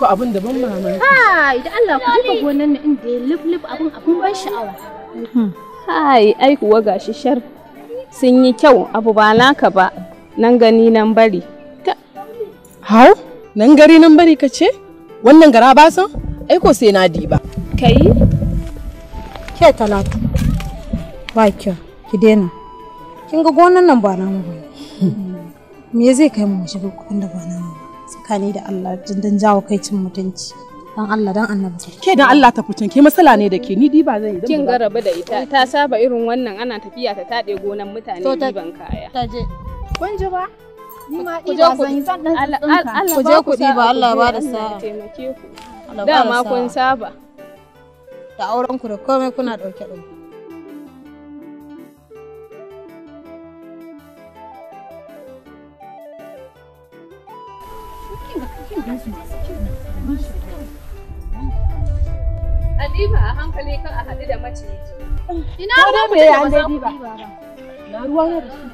ko abin da ban mamaki. Hai, da Allah ku duka gonan nan inda ya lif abin abin ban sha'awa. Hai, hmm. ai kuwa gashi shar. Sun yi kyau abu ba naka ba, nan gani nan bari. Hau, nan gari nan bari ka ce? Wannan gara ba san? Ai ko sai na diba. Kai? Ke talatu. Ba kyau, ki daina. Kin ga gonan nan ba namu ba. Me zai kai mu shiga kuɗin da ba namu ba? tsakani da Allah don jawo kai cin mutunci dan Allah dan annabi ke dan Allah ta fitin ke matsala ne da ke ni ba zan yi kin ga rabu da ita ta saba irin wannan ana tafiya ta tade gonan mutane ban kaya ta je kun ji ba ni ma diba zan yi dan Allah ku je ku ba Allah ba da sa'a taimake ku dama kun saba da auren ku da komai kuna dauke dauke A ɗiba a hankali kan a haɗu da mace. Ina ruwan mu da ba za mu ɗiba ba. Na ruwa na da su.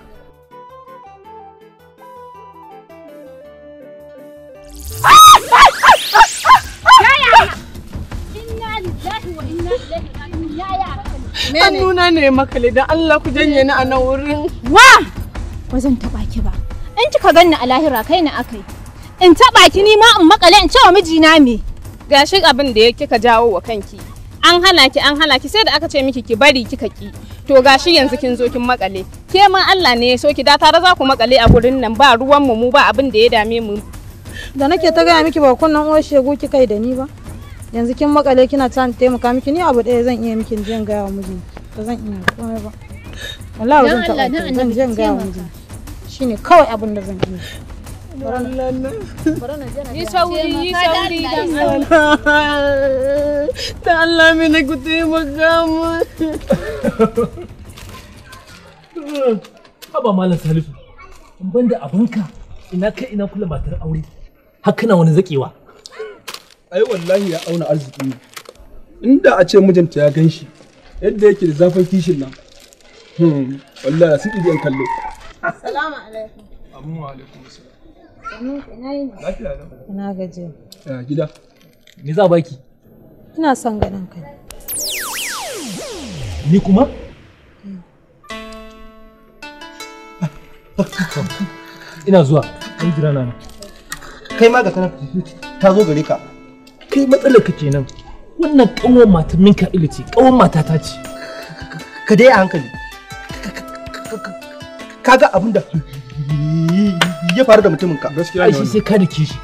nuna ne makale don Allah ku janye ni a nan wurin. Wa! Ba zan taɓa ki ba. In kika ganni a lahira kai na aka yi. in taɓa ki ni ma in makale in ce wa mijina me gashin abin da kika jawo wa kanki an hana ki an hana ki sai da aka ce miki ki bari kika ki to gashi yanzu kin zo kin makale ke ma Allah ne ya so ki da tare za ku makale a gurin nan ba ruwan mu mu ba abin da ya dame mu da nake ta gaya miki ba kunnan uwar shegu kai da ni ba yanzu kin makale kina ta taimaka miki ni abu daya zan iya miki jin gaya wa miji ba zan iya komai ba wallahi zan taɓa zan jin gaya wa miji shine kawai abin da zan iya yi sauri yi sauri dan Allah da Allah mene ku taimaka mu haba malam salisu in banda abinka ina kai ina kula matar aure haka na wani zakewa ai wallahi ya auna arziki inda a ce mijinta ya ganshi yadda yake da zafin kishin nan hmm, wallahi sun ɗi kallo assalamu alaikum Ina gaje. Ya gida. Me za baki? Ina son ganin ka. Ni kuma? Ina zuwa. Ai jira na. Kai ma ga kana ta zo gare ka. Kai matsalar ka kenan. Wannan kawon matar minka ce kawon matata ce. Ka dai a hankali. Kaga abin da shige fare da mutumin ka gaskiya ne sai ka da kishi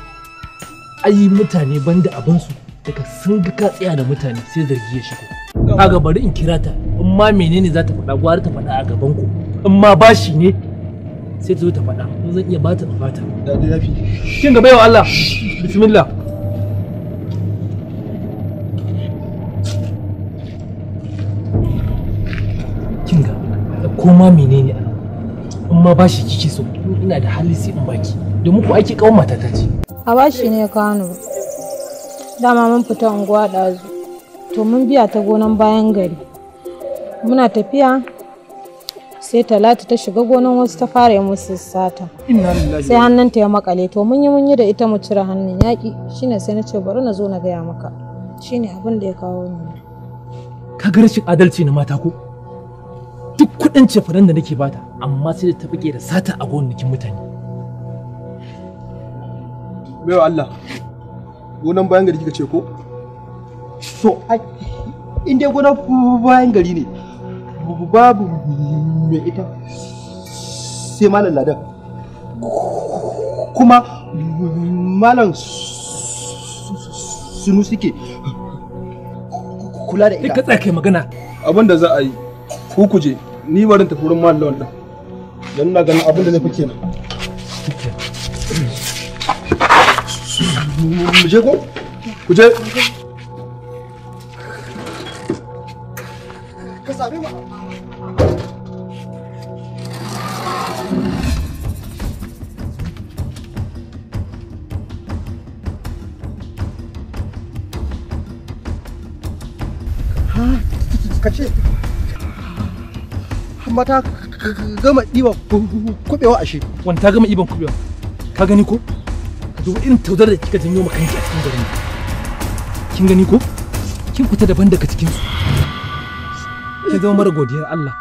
ai mutane banda abin su daga sun ga ka tsaya da mutane sai zargi ya shigo kaga bari in kira ta in ma menene za ta faɗa gwari ta faɗa a gaban ku in ma bashi ne sai ta zo ta faɗa in zan iya bata ta bata da da yafi kin ga baiwa Allah bismillah kin ga ko ma menene a in ma bashi kike so ina da hali sai in baki domin ku aiki kawon mata ta ce a bashi ne kano dama mun fita unguwa ɗazu to mun biya ta gonan bayan gari muna tafiya sai talatu ta shiga gonan wasu ta fara yi musu sata sai hannunta ya makale to mun yi mun yi da ita mu cire hannun yaƙi shine sai na ce bari na zo na gaya maka shine abin da ya kawo ni ka ga adalci na mata ko duk ce cefanen da nake bata amma sai da ta fike da sata a gonakin mutane bai Allah gonan bayan gari kika ce ko so in dai gonan bayan gari ne babu mai ita sai malam ladan kuma malam sunu suke kula da ita. Ka tsaya kai magana. Abin da za a yi, ku kuje ni barin tafi wurin mallam wannan dan ina ganin abin da zai nan ku je kuma ta gama ɗiban kuɓewa ashe. Wani ta gama ɗiban kuɓewa. Ka gani ko? Ka duba irin taudar da kika janyo makanki a cikin garin. Kin gani ko? Kin fita daban daga cikin su. Kin zama mara godiyar Allah.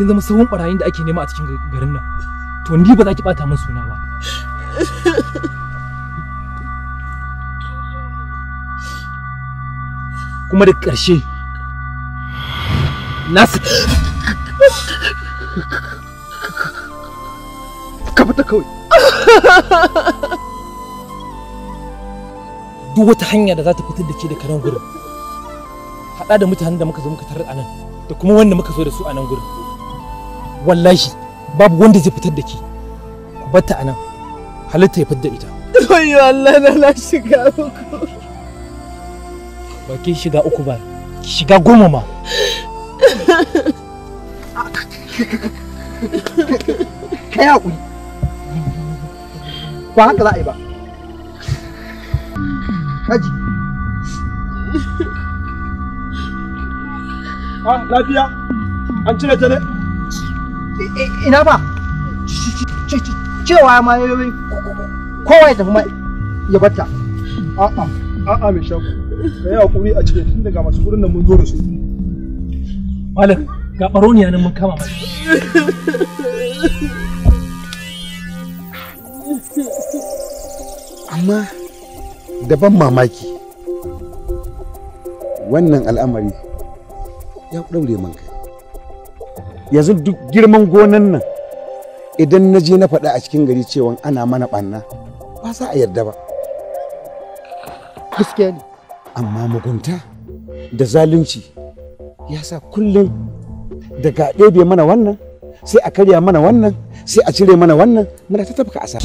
Kin zama sahun ɓarayin da ake nema a cikin garin nan. To ni ba za ki ɓata min suna ba. Kuma da ƙarshe. Nasa. ka fita kawai duk wata hanya da za ta fitar da ke da kanan gurin haɗa da mutanen da muka zo muka tarar a nan da kuma wanda muka zo da su a nan gurin wallahi babu wanda zai fitar da ke ku batta a nan halitta ya fitar da ita Oyo Allah na na shiga uku. Ba ke shiga uku ba, shiga goma ma. kai hakuri, ba haka za a yi ba kaji ha ah, lafiya an cire ta ne ina ba cewa ma yi. kowa ya tafi ya batta a'a a'a mai shaku ka yi hakuri a cire tun daga masu wurin da mun zo da su malam ga baroniya nan mun kama mata amma da ban mamaki wannan al'amari ya ɗaure man kai yanzu duk girman gonan nan idan na je na faɗa a cikin gari cewa ana mana ɓanna ba za a yarda ba gaskiya ne amma mugunta da zalunci ya sa kullum daga ɗebe mana wannan sai a karya mana wannan sai a cire mana wannan muna ta tafka sa.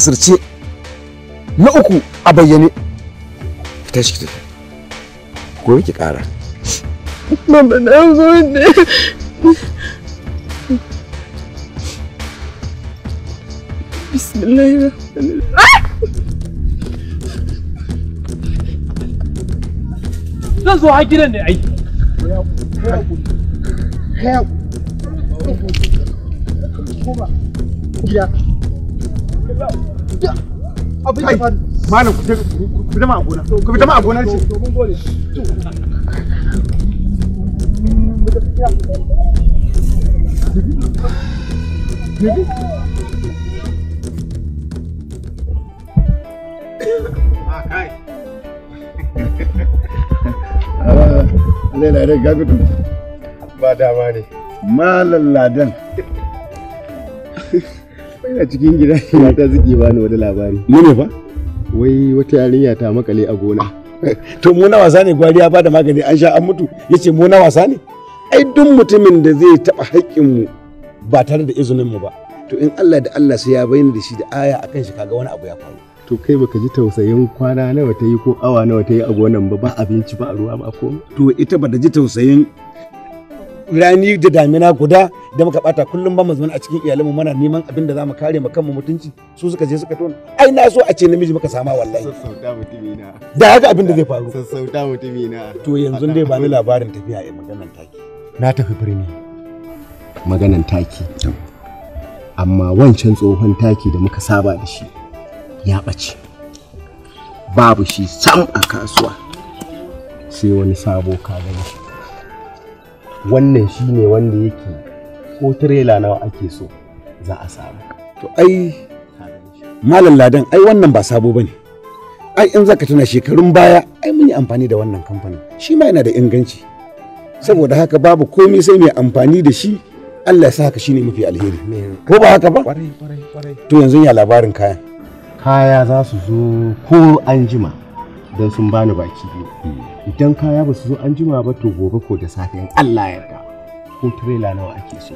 asirce na uku a bayyane fita shi tafi ko ki ƙara mama na zo ne bismillah na zo a gidan ne ai Help! abin da faru malam ku ku fita a gona ku ma a gona ce dai Ba dama ne. Malam ladan. a cikin gida ta suke ba ni wani labari mu fa wai wata yarinya ta makale a gona to mu na wasa ne gwari ya da magani an sha an mutu yace mu na wasa ne ai duk mutumin da zai taba haƙƙin mu ba tare da izinin mu ba to in Allah da Allah sai ya bayyana da shi da aya akan shi kaga wani abu ya faru to kai baka ji tausayin kwana nawa ta yi ko awa nawa ta yi a gonan ba ba abinci ba a ruwa ba komai to ita ba da ji tausayin rani da damina guda da muka bata kullum ba mu a cikin iyalanmu muna neman abin da zamu kare mu kanmu mutunci su suka je suka tona ai na so a ce namiji muka sama wallahi sassauta mutumi na da haka abin da zai faru sassauta mutumi na to yanzu dai ba ni labarin tafiya a maganan taki na tafi birni maganan taki amma wancan tsohon taki da muka saba da shi ya ɓace babu shi sam a kasuwa sai wani sabo ka gani wannan shi ne wanda yake ko tirela nawa ake so za a samu to ai malam ladan ai wannan ba sabo bane ai in zaka tuna shekarun baya ai mun yi amfani da wannan kamfanin shi ma yana da inganci saboda haka babu komai sai mai amfani da shi Allah ya sa haka shine mafi alheri ko ba haka ba to yanzu ya labarin kaya. kaya za su zo ko anjima don sun bani baki biyu hmm. idan kaya ba su zo an jima ba to gobe ko da safe in Allah ya yarda ko trailer nawa ake so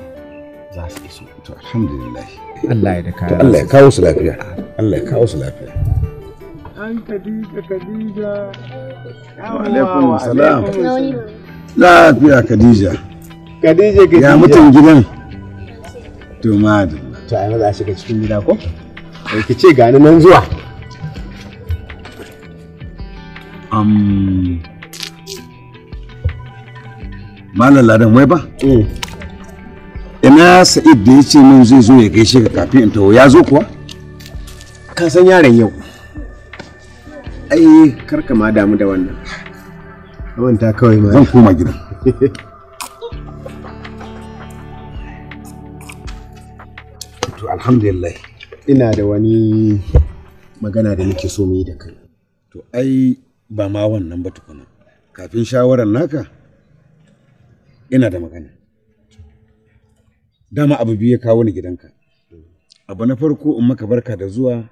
za su iso to alhamdulillah Allah ya da kaya Allah ya kawo su lafiya Allah ya kawo su lafiya an kadija kadija wa alaikum salam lafiya kadija kadija kadija ya mutum gidan to madu to ai za a shiga cikin gida ko ki ce gani nan zuwa um, Malam Ladan wai ba? Eh. Ina Sa'id da ya ce min zai zo ya gaishe ka kafin in taho ya zo kuwa? Ka san yaron yau. Ai karka ma damu da wannan. Manta kawai ma. Zan koma gida. To alhamdulillah. Ina da wani magana da nake so mu yi da kai. To ai ba ma wannan ba tukuna. Kafin shawarar naka, ina da magana dama abu biyu ya kawo ni gidanka abu na farko in maka barka da zuwa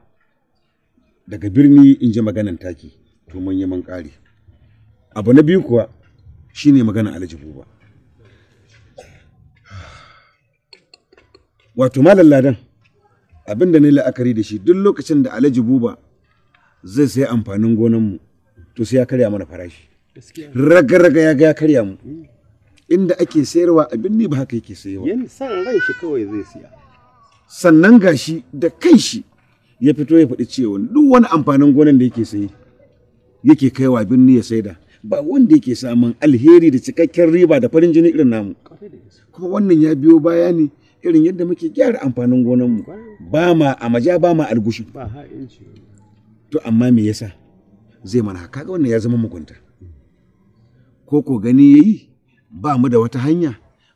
daga birni in ji maganan taki to mun yi mun abu na biyu kuwa shine magana alhaji buba wato malam ladan abin da na yi la'akari da shi duk lokacin da alhaji buba zai sai amfanin gonanmu to sai ya karya mana farashi raga-raga ya ga ya karya mu inda ake sayarwa abin ne ba haka yake sayarwa yana san ran shi kawai zai siya sannan gashi da kanshi ya fito ya faɗi cewa duk wani amfanin gonan da yake sayi yake kaiwa birni ya saida ba wanda yake samun alheri da cikakken riba da farin jini irin namu kuma wannan ya biyo baya ne irin yadda muke gyara amfanin gonanmu ba ma a maja ba ma algushin to amma me yasa zai mana haka ga wannan ya zama mugunta ko ko gani yayi ba mu da wata hanya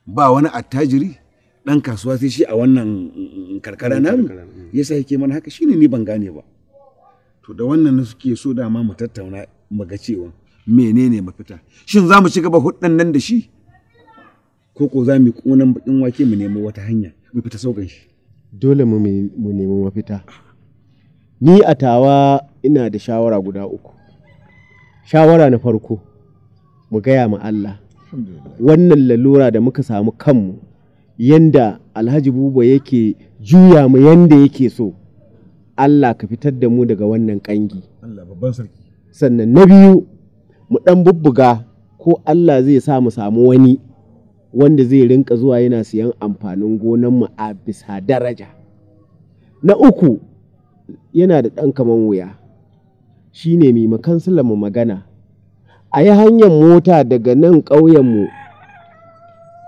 ba wani attajiri dan kasuwa sai shi a wannan mm, mm, karkara ya mm. yasa yake mana haka shine ni ban gane ba to da wannan ne suke so dama mu tattauna mu ga cewa menene mafita shin za mu ci gaba huddan nan da shi ko ko za mu ƙonan bakin wake mu nemo wata hanya mu fita saukan shi dole mu nemi mafita ni a tawa ina da shawara guda uku shawara na farko mu gaya ma Allah wannan lalura da muka samu kanmu yanda alhaji buba yake juya mu yanda yake so Allah ka fitar da mu daga wannan kangi sannan na biyu mu ɗan bubbuga ko Allah zai sa mu samu wani wanda zai rinka zuwa yana siyan amfanin gonanmu a bisa daraja na uku yana da ɗan kaman wuya shi ne mai makansulanmu magana a yi hanyar mota daga nan ƙauyenmu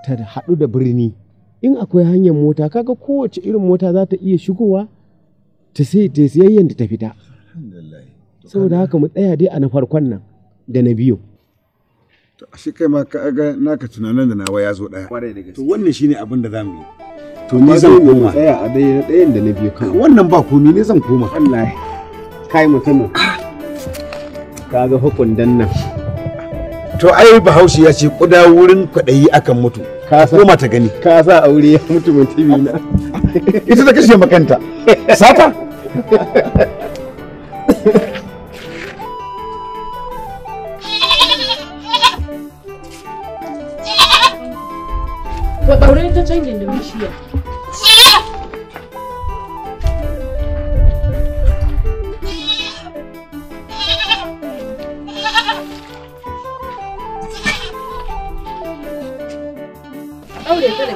ta haɗu da birni in akwai hanyar mota kaga kowace irin mota za ta iya shigowa ta sai ta siyayyen da ta fita saboda haka mu tsaya dai a na farkon nan da na biyu to ashe kai ma ka ga naka tunanin da nawa ya zo daya to wannan shine abin da zamu yi to ni zan koma tsaya a dai na ɗayan da na biyu kan wannan ba komi ne zan koma wallahi kai mutum ka ga hukundan nan to ai bahaushe ya ce kuda wurin kwaɗayi akan mutu koma ta gani ka sa aure ya mutu mun tibi na ita ta kashe makanta sata Ba ɗaure ta can da mishiya.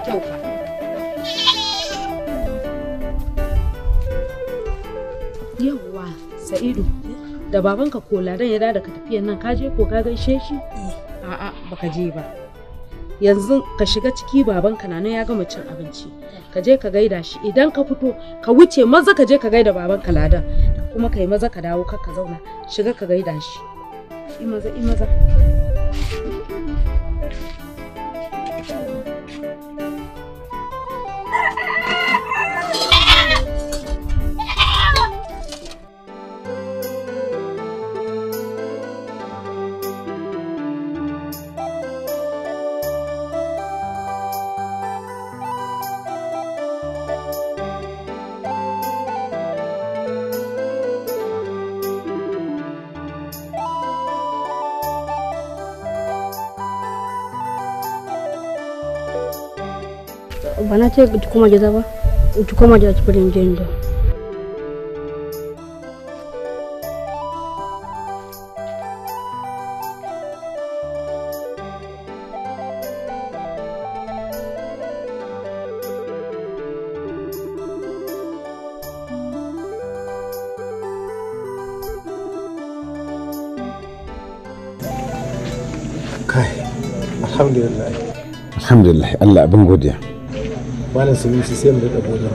kyau yawwa sa'idu da babanka ko ladan ya dada ka tafiyan nan kaje ko ka gaishe shi eh, a'a baka je ba yanzu ka shiga ciki babanka na ya gama cin abinci ka je ka gaida shi idan ka fito ka wuce maza ka je ka gaida babanka ladan kuma kai maza ka dawo ka zauna shiga ka gaida shi i maza Yeah. ba na ce ki koma gida ba ci koma gida ki fadin jin da alhamdulillah alhamdulillah Allah abin godiya malam sunusi sai mu da dabo da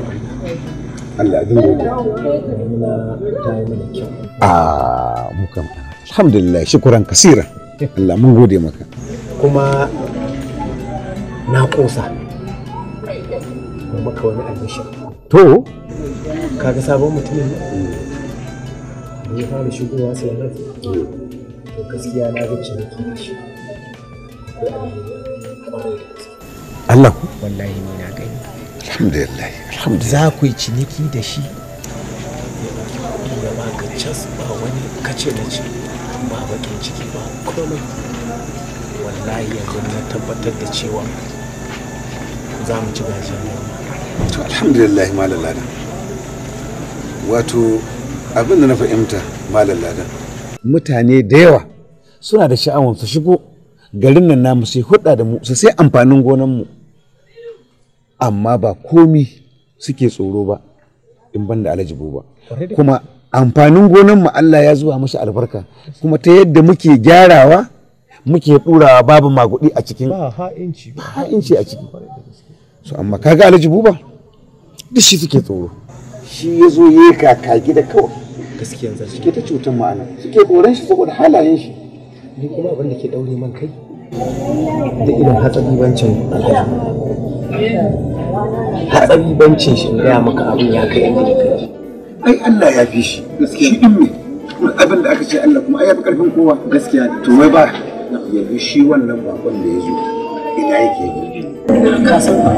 Allah abin gode na ta yi mana kyau a mukan alhamdulillah shukuran kasira Allah mun gode maka kuma na kosa mu maka wani albishi. to kaga sabon mutum ne hmm. ya fara shigowa sai na hmm. to gaskiya na ga ciniki da shi Allah wallahi ni na gani alhamdulillah za ku yi ciniki da shi ya baka cas ba wani kace da ce ba bakin ciki ba komai wallahi yanzu na tabbatar da cewa za mu ci gajiyar noma to alhamdulillah malam ladan wato abin da na fahimta malam ladan mutane da yawa suna da sha'awar su shigo garin nan namu sai hudda da mu su sai amfanin gonan mu amma ba komi suke tsoro ba in ban da alajibu ba kuma amfanin gonan mu Allah ya zuwa mashi albarka kuma ta yadda muke gyarawa muke ɗurawa babu magudi a cikin ba ha'inci a ciki so amma kaga alajibu ba duk shi suke tsoro shi ya zo ya kaka gida kawai gaskiyan zai suke ta cutar ma'ana suke koran shi saboda halayen shi ni kuma abin da ke daure man kai da irin hatsari bancin alhaji hatsari bancin shi ya maka abin ya kai inda kai ai Allah ya fi shi shi din ne abin da aka ce Allah kuma ai ya fi karfin kowa gaskiya to wai ba yanzu shi wannan bakon da ya zo ina yake yi ka san sai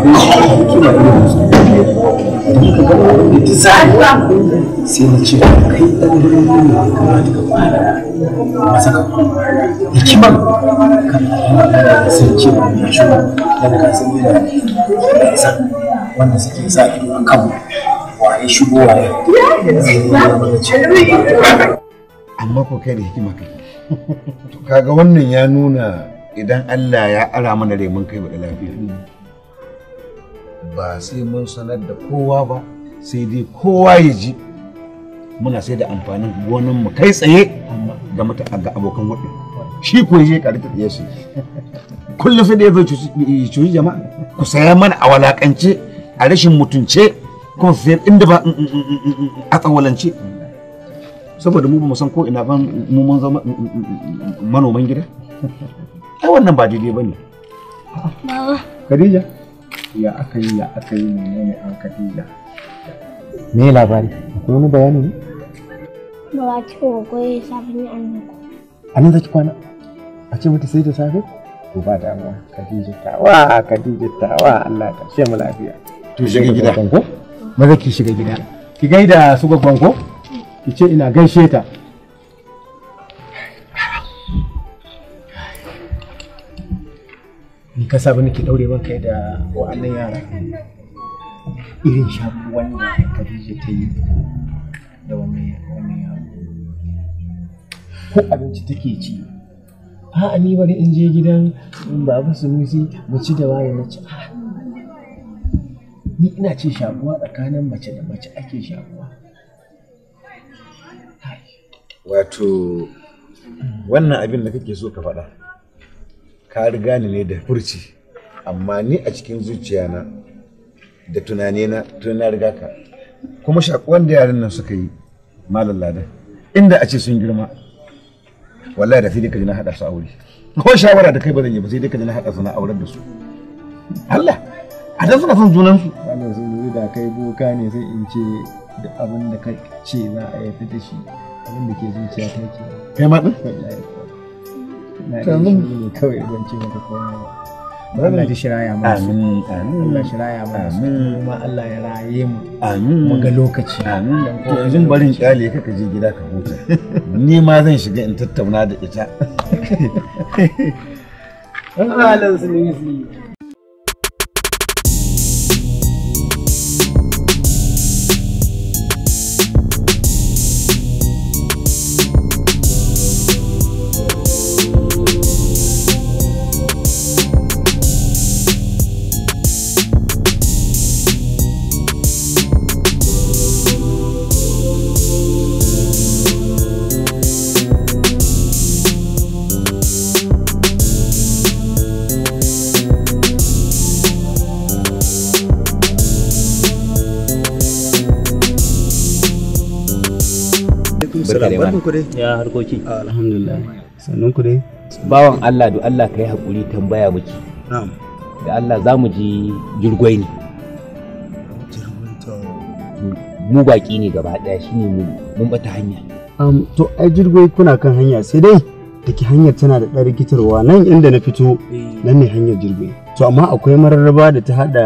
na ce kai dan gurin ne kuma daga fara masa ka hikimar kan sai ce ba mai shi dan ka san yana isa wanda suke sa ido a kan waye shigo wa amma ko kai da hikima kai to kaga wannan ya nuna idan Allah ya ara mana rai mun kai da lafiya ba sai mun sanar da kowa ba sai dai kowa ya ji muna sai da amfanin gonan mu kai tsaye ga abokan waɗanda shi ko ya ƙari ta tsaye shi kullum sai da ya cuci jama'a ku saya mana a walakance a rashin mutunce kuma su sayar inda ba a tsawalance saboda mu ba mu ina ban manoman gida ai wannan ba daidai ba ne. Khadija ya aka yi ya aka yi an Khadija me labari akwai wani bayani a nan zaki kwana a ce mata sai da safe to ba damuwa wa, tawa ta wa? Allah ta ce mu lafiya to shiga gida maza ki shiga gida ki gaida su gwaggon ko ki ce ina gaishe ta ni ka saba nake daure ban kai da wa'annan yara irin shafu wanda Khadija ta yi da wannan ko abinci take ci a ni bari in je gidan baba sunusi mu ci da waye na ci ni ina ce shakuwa tsakanin mace da mace ake shakuwa wato wannan abin da kake so ka faɗa ka riga ni ne da furci amma ni a cikin zuciyana da tunanina tun na riga ka kuma shakuwan da yaran nan suka yi malam ladan inda a ce sun girma wallahi da sai dai ka ji na haɗa su aure ko shawara da kai ba zan yi ba sai dai ka ji na haɗa su na auren da su Allah a dan suna son junan su Allah sai da kai boka ne sai in ce da abin da ka ce za a yi da shi abin da ke zuciya ta ke kai ma din ne kawai ban ce maka komai Allah da shiraya mu amin amin Allah shiraya mu amin kuma Allah ya raye mu amin mu ga lokaci amin to yanzu barin kyale ka ka je gida ka huta ni ma zan shiga in tattauna da ita Allah harkoki bawan Allah da Allah yi hakuri tambaya muke da Allah za mu ji jirgwai ne mu baƙi ne gaba shi ne mun bata hanya to ai jirgwai kuna kan hanya sai dai ke hanyar tana da ɗan rikitarwa nan inda na fito eh. nan ne hanyar jirgwai to amma akwai mararraba da ta haɗa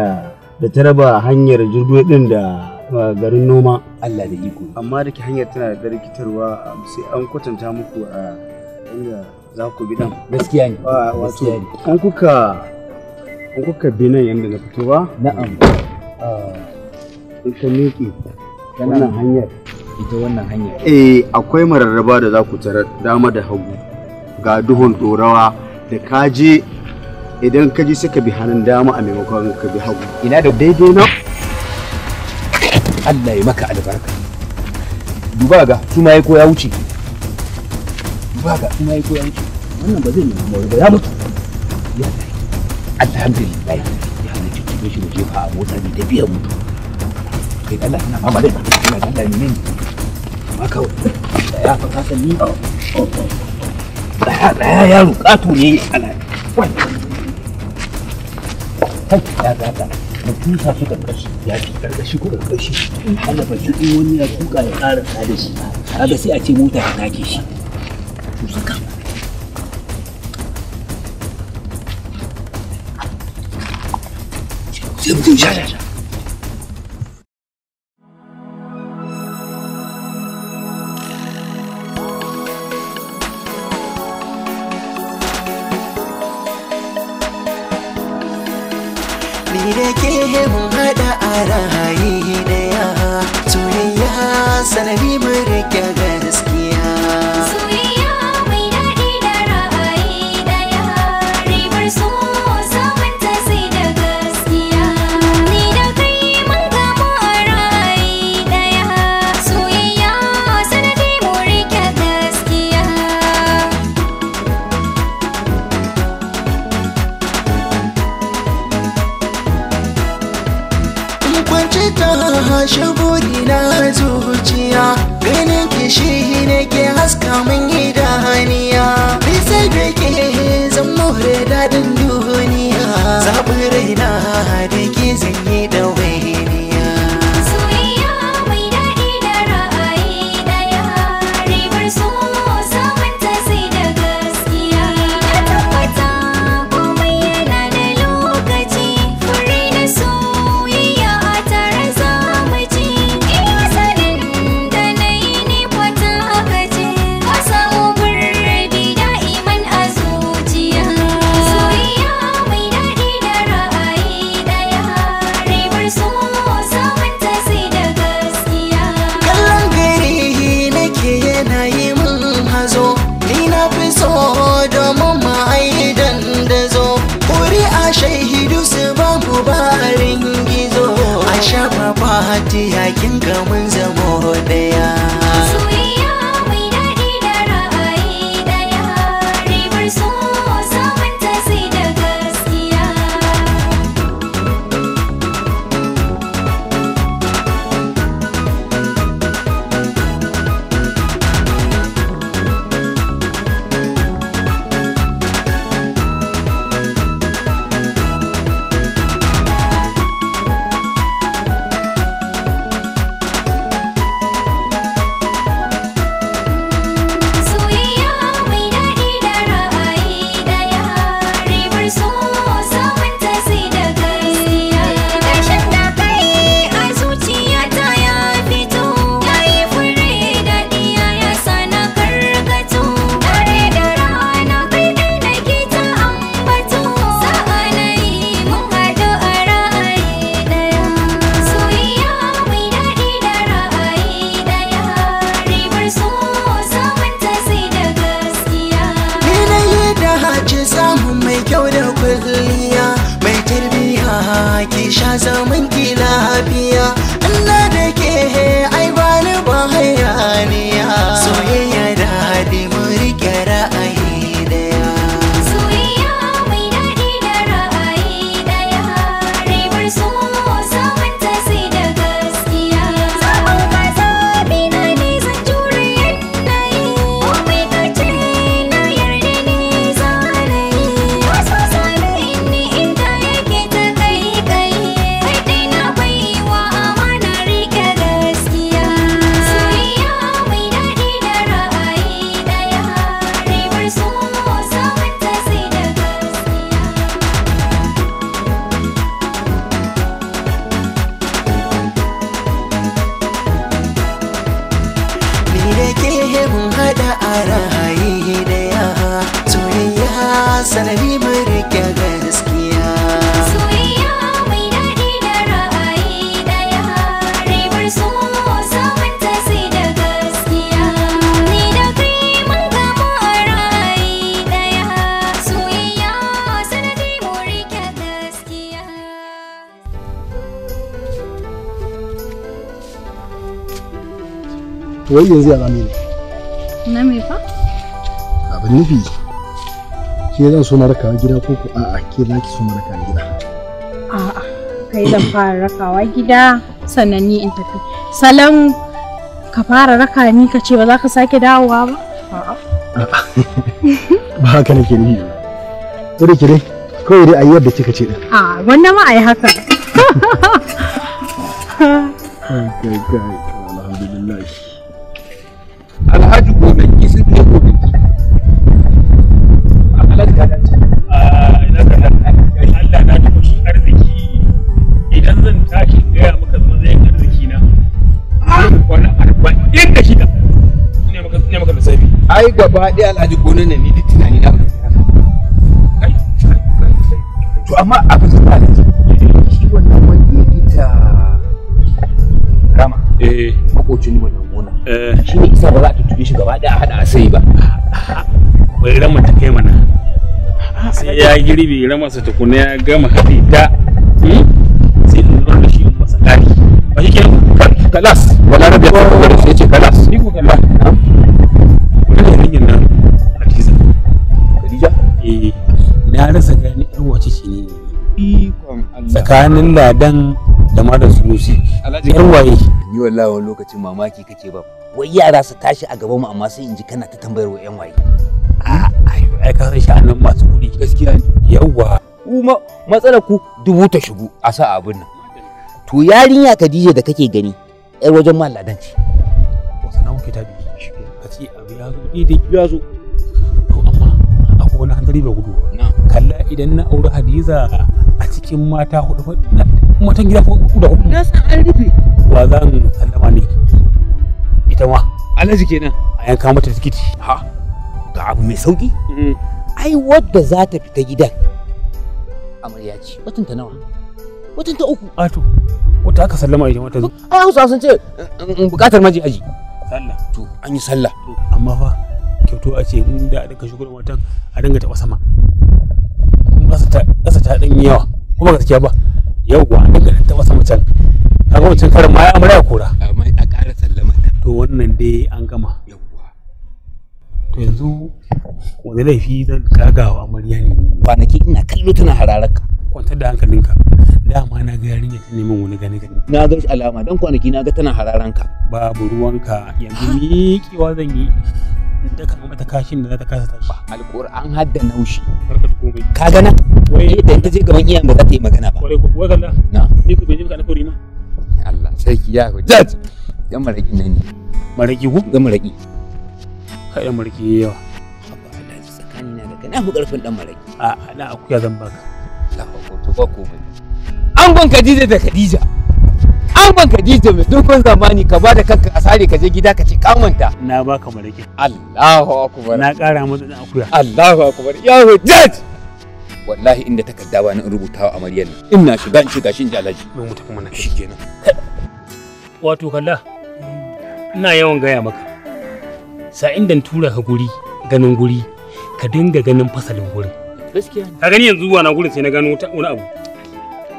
da ta raba hanyar jirgwai ɗin da garin noma Allah da iko amma da ke hanyar tana da rikitarwa sai an kwatanta muku a inda za ku bi dan gaskiya ne wato an kuka an kuka bi nan yanda na fito ba na'am ka miƙe wannan hanyar ita wannan hanyar eh akwai mararraba da za ku tara dama da hagu ga duhun ɗorawa da kaje idan ka ji suka bi hannun dama a maimakon ka bi hagu ina da daidai na Allah ya maka albarka duba ga tuna ya ko ya wuce duba ga tuna ya ko ya wuce wannan ba zai nemi mawar ba ya mutu ya dai alhamdulillah ya hana cikin shi da jefa a motsa ne da biya mutu kai Allah ina ma da ina da Allah ne amma kawai ya fa kasa ni daya daya yaro kato ne ala wannan kai ya ta. ka tusa su karkashi ya ci karkashi ko karkashi Allah wani ya tuka ya ƙara da shi kaga sai a ce mota ta take shi think I'm sanadi mu gaskiya mai daɗi da ra'ayi ɗaya ribar da gaskiya ni da kai ra'ayi ɗaya soyayya sanadi gaskiya wai yanzu na fa abin nufi ke zan so na rakawa gida ko ku a'a ke za so na rakawa gida a'a kai zan fara rakawa gida sannan ni in tafi salon ka fara raka ni ka ce ba za ka sake dawowa ba a'a ba haka nake ni ba kire kawai dai ayi yadda kika ce din a wannan ma ayi haka kai kai alhamdulillah ai gaba ɗaya alhaji gonan ne da tunani na to amma a fi zuwa da shi wannan wanda ya ta rama eh makocin ne wannan gona eh. shi ne isa ba za a tuttuɓe shi gaba ɗaya a haɗa a sai ba bai rama ta kai mana sai ya girbe ramarsa tukuna ya gama haɗe ta hmm? sai da lura da shi masa ɗari ba shi ke kalas wala rabiya ta kalas ya ce kalas ni ko kalas tsakanin ladan da malam sunusi waye. ni wallahi wani lokacin mamaki kake ba wai yara su tashi a gaban mu amma sai in ji kana ta tambayar wa yan waye ai ka san sha'anin masu kuɗi gaskiya ne yawa kuma matsalar ku dubu ta shigo a sa abin nan to yarinya Khadija da kake gani yar wajen Ladan ce wasa na muke tabi shi ka ce abu ya zo daidai ya zo to amma akwai wani hankali bai gudu ba idan na auri hadiza a cikin mata hudu matan gida da hudu na san an rufe wa zan sallama ne ita ma alhaji kenan a yanka mata tikiti ha ga abu mai sauki mm-hmm. ai wadda za ta fita gidan amarya ce watan ta nawa watan ta uku to wata aka sallama ita wata zo ai hausa sun ce mm, mm, bukatar maji aji sallah to an yi sallah amma fa kyautu a ce inda da ka shigo da watan a dinga taba sama ƙasa ta ɗan yawa kuma gaskiya ba yau yawwa an dinga ta masa mutan a ga mutum karin ma ya amara ya kora a ƙara sallama to wannan dai an gama to yanzu wani laifi zan kagawa amarya ne kwanaki ina kallo tana hararaka kwantar da hankalinka dama na ga yarinya ta neman wani gani gani na ga alama dan kwanaki na ga tana hararanka babu ruwanka yanzu miƙewa zan yi da daka mata kashin da za ta kasa tashi alquran hadda naushi ka gana wai da ita je gaban iyayen ba za ta yi magana ba wai kalla na ni ku bai ji ka ma Allah ya dan maraki ne ni maraki ku dan maraki kai dan maraki yawa Allah ji tsakani na karfin dan maraki a na akuya zan baka Allah ko to ba an gon Khadija da Khadija kaman Khadija mai dogon zamani ka ba da kanka a sare ka je gida ka ce kamanta na ba ka malaki Allahu akubar. na kara masa da akuya Allahu akubar. ya hujjat wallahi inda takarda ba na wa amaryar Maryam ina shiga in shiga shin jalaji mun mutu kuma na shikenan wato kalla ina yawan gaya maka sa inda tura ka guri ganin guri ka dinga ganin fasalin guri. gaskiya ka gani yanzu wa na gurin sai na gano wani abu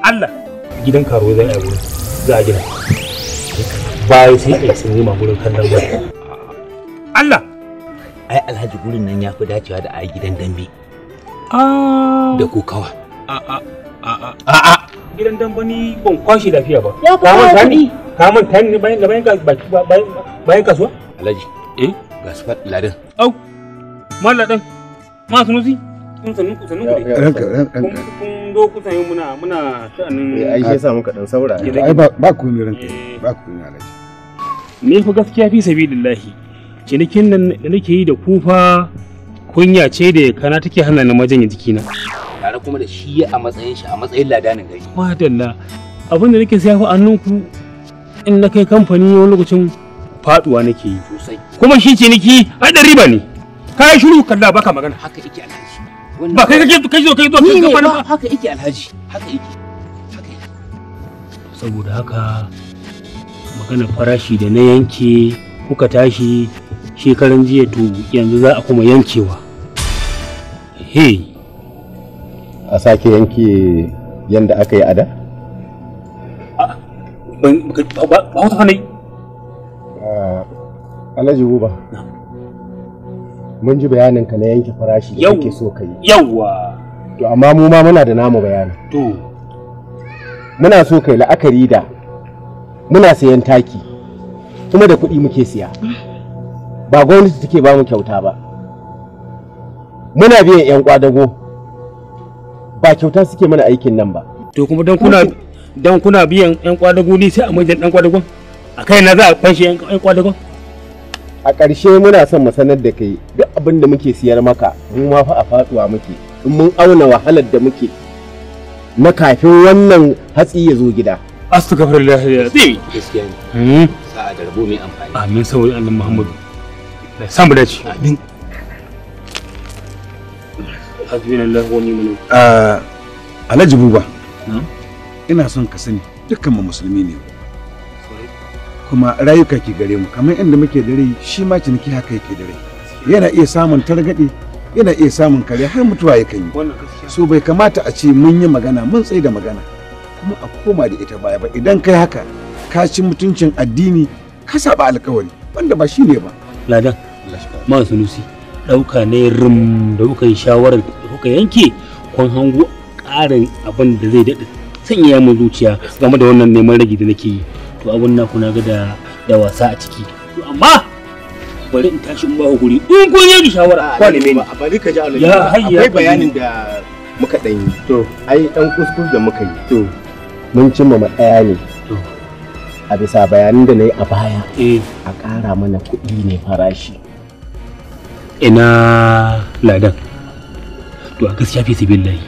Allah gidan karo zai a gurin za a gina bayan sai ya sun yi ma gurin kallon gwai Allah ai alhaji gurin nan ya fi dacewa da a gidan dambe ah. da kokawa a'a a'a a'a gidan dambe ni ban kwashi lafiya ba ya fi kawo tani ka man tani ne bayan bayan bayan kasuwa alhaji eh ga su faɗi ladan au malladin ma sunusi sun sannu ku sannu ku lokutan yin muna muna sha'anin eh ai shi yasa muka dan saura ai ba ku mai ranka ba ku mai alaji ni fa gaskiya fi sabilillahi cinikin nan da nake yi da kufa kunya ce da kana take hana ni majanya jikina tare kuma da shi a matsayin shi a matsayin ladanin gari madalla abin da nake siya fa annunku in na kai kamfani wani lokacin faduwa nake yi sosai kuma shi ciniki a riba ne kai shiru kalla baka magana haka yake alhamdulillah ba kai kake kai zo kai zo kai zo ba haka yake alhaji haka yake haka yake saboda haka magana farashi da na yanke kuka tashi shekaran jiya to yanzu za a kuma yankewa he a sake yanke yanda aka yi ada ba wata hannai alhaji ba mun ji bayanin ka na yanke farashi da kake so ka yi yawa to amma mu ma muna da namu bayani to muna so kai la'akari da muna sayan taki kuma da kuɗi muke siya ba gwamnati take ba mu kyauta ba muna biyan 'yan kwadago ba kyauta suke mana aikin nan ba to kuma don kuna don kuna biyan 'yan kwadago ni sai a mai dan kwadagon a kai na za a fanshi 'yan kwadagon a ƙarshe muna son mu sanar da kai duk abin da muke siyar maka mu ma fa a faduwa muke in mun auna wahalar da muke na kafin wannan hatsi ya zo gida astaghfirullah ya tsimi gaskiya ne sa hmm? a darbo mai amfani amin saboda annabi muhammadu da samu dace amin hasbunallahu wa ni'mal wakil ah, alhaji buba hmm? ina son ka sani dukkan mu musulmi ne ba kuma rayuka ke gare mu kamar inda muke da rai shi ma ciniki haka yake da rai yana iya samun targaɗe yana iya samun kare har mutuwa ya kan yi so bai kamata a ce mun yi magana mun tsaye da magana kuma a koma da ita baya ba idan kai haka ka ci mutuncin addini ka saba alkawari wanda ba shi ne ba ladan man sunusi ɗauka ne rim da kuka yi shawarar da kuka yanke kun hango ƙarin abin da zai daɗa sanya mu zuciya game da wannan neman ragi da nake yi to abun naku na ga da da wasa a ciki to amma bari in tashi in ba ku guri in kun yi shawara a kwale ne bari ka ji alaji akwai bayanin da muka dan yi to ai dan kuskus da muka yi to mun cimma ma daya ne a bisa bayanin da na yi a baya eh. a ƙara mana kuɗi ne farashi ina ladan to a gaskiya fi sibillahi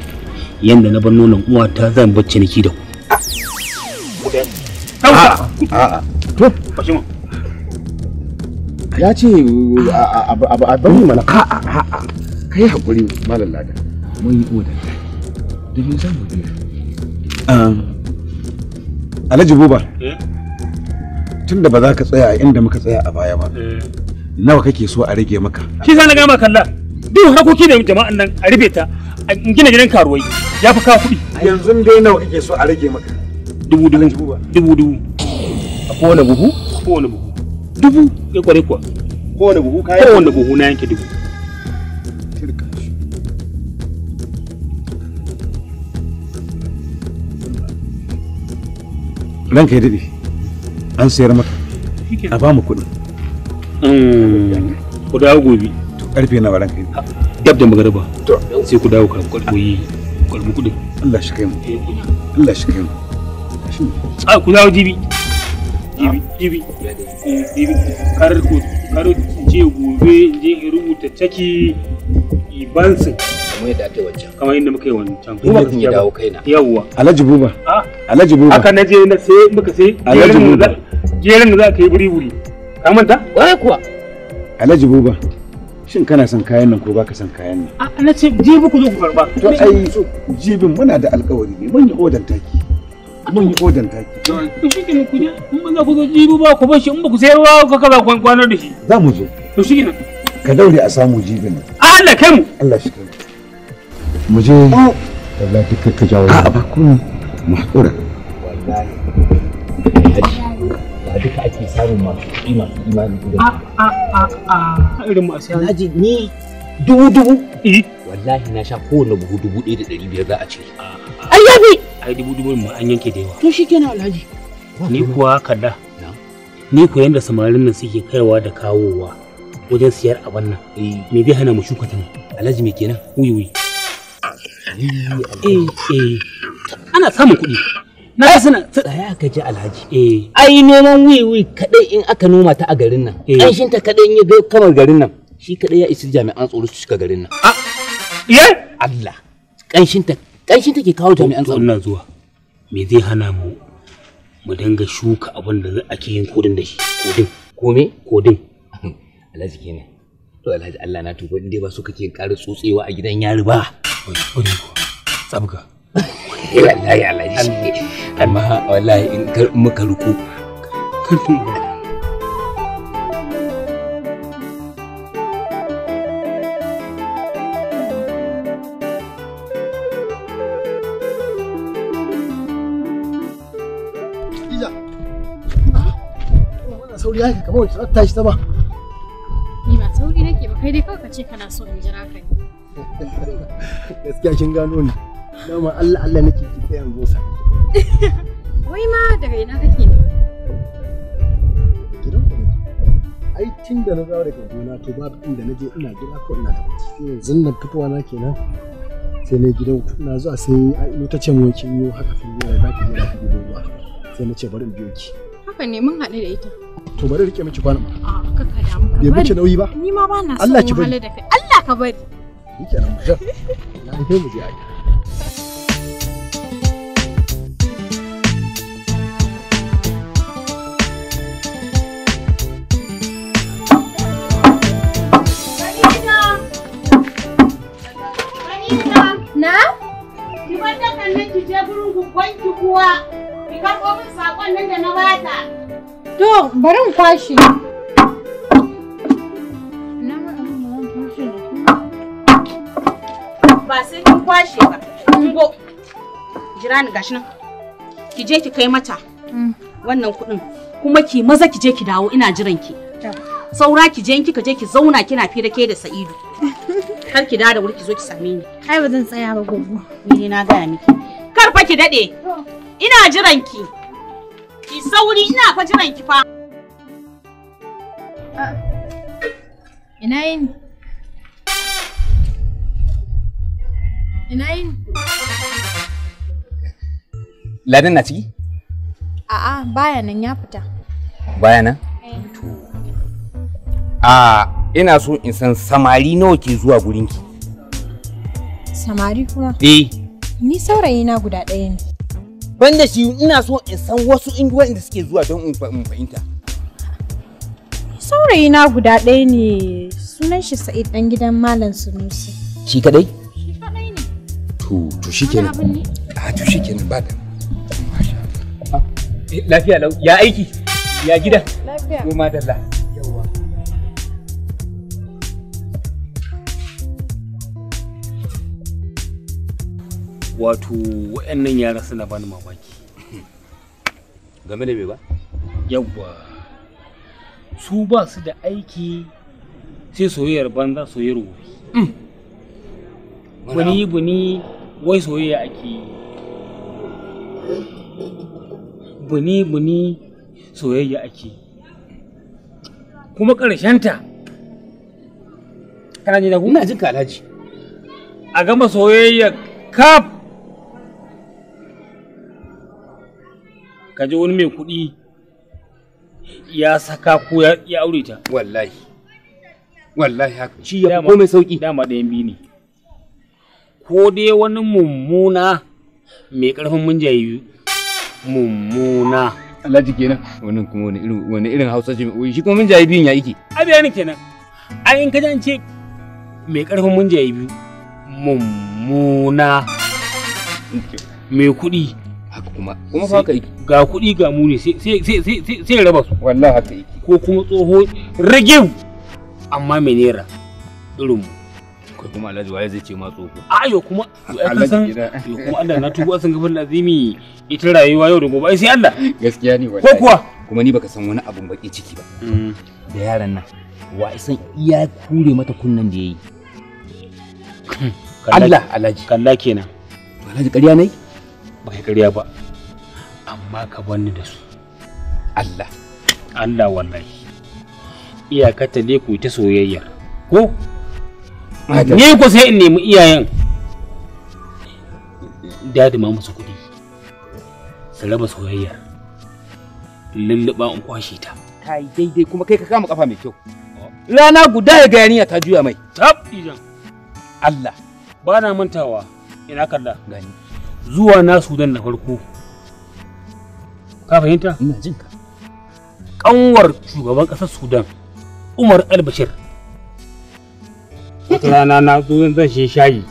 yanda na bar nonon uwa ta zan bacci niki da ku A'a. To. Bashi mu. Ya ce a bari mana. A'a a'a. Ka yi haƙuri malam lada. Mun yi oda. Da za mu biya? Alhaji Buba. Eh? Tun da ba za ka tsaya a inda muka tsaya a baya ba. Eh. Nawa kake so a rage maka? Shi za na gama kalla. Duk harkoki da jama'an nan a rufe ta a gina gidan karuwai ya fi kawo kuɗi. Yanzu dai nawa kake so a rage maka? Dubu dubu. Dubu dubu. kowane buhu kowane buhu dubu ya eh, kware kuwa kowane buhu kaya kowane buhu na yanke dubu ranka ya daɗe an sayar maka a ba mu kuɗi mm. ku dawo gobe to ƙarfe na ranka ya dab da magaraba sai ku dawo ka karɓi yi karɓi kuɗin Allah shi kai mu eh, Allah shi kai mu ah, ku dawo jibi dibi dibi dibi kar ku kar je gobe je in rubuta caki ibansin kamar yadda aka yi wancan kamar yadda muka yi wancan kuma kun ya dawo kaina yawwa alhaji buba alhaji buba haka na je na sai muka sai alhaji buba jerin da za ka yi buri buri ka manta wai kuwa alhaji buba shin kana son kayan nan ko baka son kayan nan a na ce jibi ku zo ku karba to ai jibin muna da alkawari ne mun yi odan taki mun yi odan taki. To shi kenan ku je in ba za ku zo jibi ba ku bar shi in ba ku sayarwa ba kaza ku da shi. Za mu zo. To shi kenan. Ka daure a samu jibi Allah kai mu. Allah shi kai. Mu je. Oh. Wallahi duk ka jawo. A'a ba ku mu hakura. Wallahi. Ba duka ake samun masu kima imani da. A a a a irin masu yana. Alhaji ni dubu dubu. Eh. Wallahi na sha kowane buhu dubu ɗaya da ɗari biyar za a ce. A'a. dubu. ai dubu dubu mu an yanke da yawa to shikenan alhaji ni kuwa kada ni ko yanda samarin nan suke kaiwa da kawowa wajen siyar abin nan eh. me zai hana mu shuka ta alhaji me kenan wuyi wuyi eh eh ana samun kuɗi na ga suna tsaya aka ji alhaji eh ai noman wuyi wuyi kadai in aka noma ta a garin nan eh. ƙanshin ta kadai in ya bai kamar garin nan shi kadai ya isa jami'an tsaro su shiga garin nan a ah, iye Allah ƙanshin ta ƙarshen take kawo jami'an tsaro ina zuwa me zai hana mu mu dinga shuka abin da ake yin kodin da shi kodin ko me kodin alhaji kenan to alhaji Allah na tuba in ba su kake ƙara tsotsewa a gidan yari ba kodin ko tsabga wallahi alhaji amma wallahi in kar muka ruku kar sauri haka kamar wacce ta tashi sama. Ni ba sauri nake ba kai dai kawai ka ce kana so in jira kai. Gaskiya kin gano ni. Dama Allah Allah nake ki sai an zo sa. Wai ma daga ina kake ne? Gidan ku Ai tun da na zawo daga gona to babu inda na je ina gida ko ina da Sai Yanzu nan fitowa na kenan. sai na gidan ina zuwa sai a ta ce mun kin yi haka fi yau ba ki je ki gidan ruwa sai na ce bari in biyo ki haka ne mun haɗu da ita to bari rike miki kwanan a bai nauyi ni ma ba son da Allah ka bari shikenan mu na rufe mu je aiki Ki bar da kan nan ki je gurin ku ki karɓo da na bata. To bari in kwashi. Ba kin kwashe ba. Kingo. Jira ni gashi nan. Ki je ki kai mata. Mm. Wannan kuɗin kuma ki maza ki je ki dawo ina jiran ki. Saura ki je in ka je ki zauna kina fira ke da Sa'idu. Kar ki da wuri ki zo ki same ni. Ai ba zan tsaya ba gobe. Ni na gaya miki. Kar fa ki dade. Ina jiran ki. Ki sauri ina fa jiran ki fa. Ina yin? Ina yin? Ladan na ciki? A'a baya nan ya fita. Baya nan? Eh. A ina so in san samari nawa ke zuwa gurinki. Samari kuma? Eh. Ni saurayi na guda ɗaya ne. banda shi ina so in san wasu indiyoyin da suke zuwa don in fahimta saurayi na guda ɗaya ne sunan shi sa'id dan gidan malam sunusi shi kadai shi kadai ne to to shikenan a to shikenan ba da lafiya lau ya aiki ya gida lafiya ko madalla wato waɗannan yara suna bani mamaki game da me ba yawwa su ba su da aiki sai soyayyar banza soyayyar wofi mm. buni buni wai soyayya ake buni buni soyayya ake kuma ƙarshenta kana ji na ku ina kalaji a gama soyayya kaf ka ji wani mai kuɗi ya saka ko ya aure ta wallahi wallahi haka shi ya ko mai sauki dama da yan ne ko dai wani mummuna mai karfin mun jayi mummuna alhaji kenan wannan kuma wani irin wani irin hausa ce shi kuma mun jayi biyun ya yake a bayanin kenan ai in ka ji an ce mai karfin mun jayi biyu mummuna mai kuɗi haka kuma kuma fa haka yake ga kuɗi ga muni sai sai sai raba su wallahi haka yake ko kuma tsoho ragiv amma mai nera irin mu kai kuma alhaji waye zai ce ma tsoho ayo yo kuma ai san yo kuma Allah na tubu san gaban lazimi ita rayuwa yau da gobe ai sai Allah gaskiya ne wallahi ko kuwa kuma ni baka san wani abun baki ciki ba mm. da yaran nan wa isan iya kure mata kunnan da yayi hmm. Allah alhaji kalla kenan alhaji ƙarya nayi ba kai ƙarya ba amma ka banni da su Allah Allah wallahi iyakata dai ku ta soyayya ko ne ku sai in nemi iyayen dadi ma musu kuɗi su raba soyayya lulluɓa in kwashe ta ta yi daidai kuma kai ka kama kafa mai kyau rana guda ya ga yarinya ta juya mai tab Allah ba na mantawa ina kalla gani zuwa na sudan na farko ka fahimta ina jin ka kanwar shugaban ƙasar sudan umar albashir wata rana na zo zan shi shayi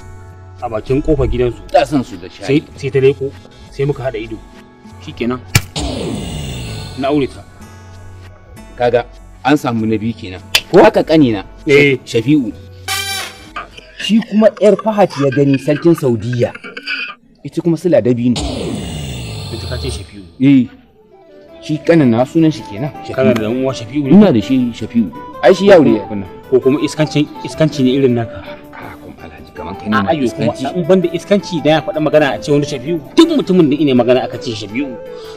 a bakin kofar gidansu ta san su da shayi sai ta leko sai muka haɗa ido shikenan na aure ta kaga an samu na biyu kenan ko haka kanina eh shafi'u shi kuma yar fahad ya gani sarkin saudiya ita kuma su ladabi ne. ita kace shafi'u eh shi kanan na sunan shi kenan kana da uwa shafi'u ne? ina da shi shafi'u ai shi yauri ya kunna ko kuma iskancin iskanci ne irin naka kaman kai ne ma iskanci in banda iskanci da ya faɗa magana a ce wani shafi'u duk mutumin da ine magana aka ce shafi'u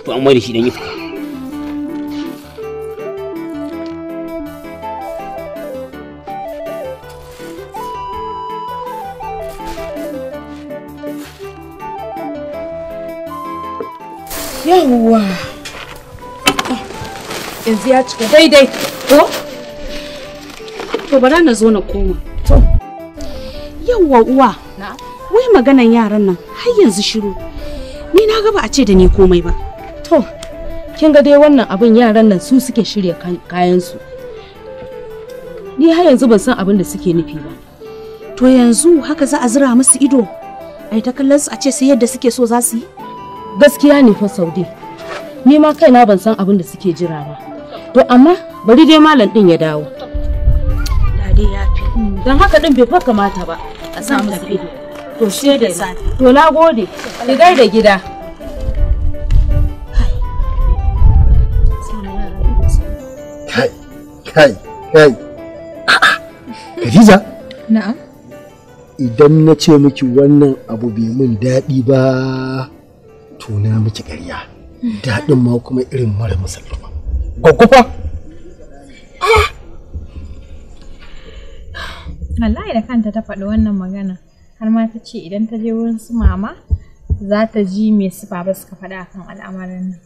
to an mai da shi dan yi fuka yawwa yanzu ya cika daidai ko to bara na zo na koma to yawwa uwa wai maganan yaran nan har yanzu shiru ni na ga ba a ce da ni komai ba to kin ga dai wannan abin yaran nan su suke shirya kayansu. ni har yanzu ban san abin da suke nufi ba to yanzu haka za a zira musu ido ai ta kallon su a ce sai yadda suke so za su yi gaskiya ne fa saudi ni ma kaina ban san abin da suke jira ba to amma bari dai malam din ya dawo dade ya fi don haka din bai fa kamata ba a san da fi to she da to na gode ki da gida kai kai kai Khadija na'am idan na ce miki wannan abu bai min daɗi ba to na miki ƙarya daɗin ma kuma irin mara musalma gwaggufa ah! wallahi da kanta ta faɗi wannan magana har ma ta ce idan ta je wurin su mama za ta ji me su baba suka faɗa akan al'amarin nan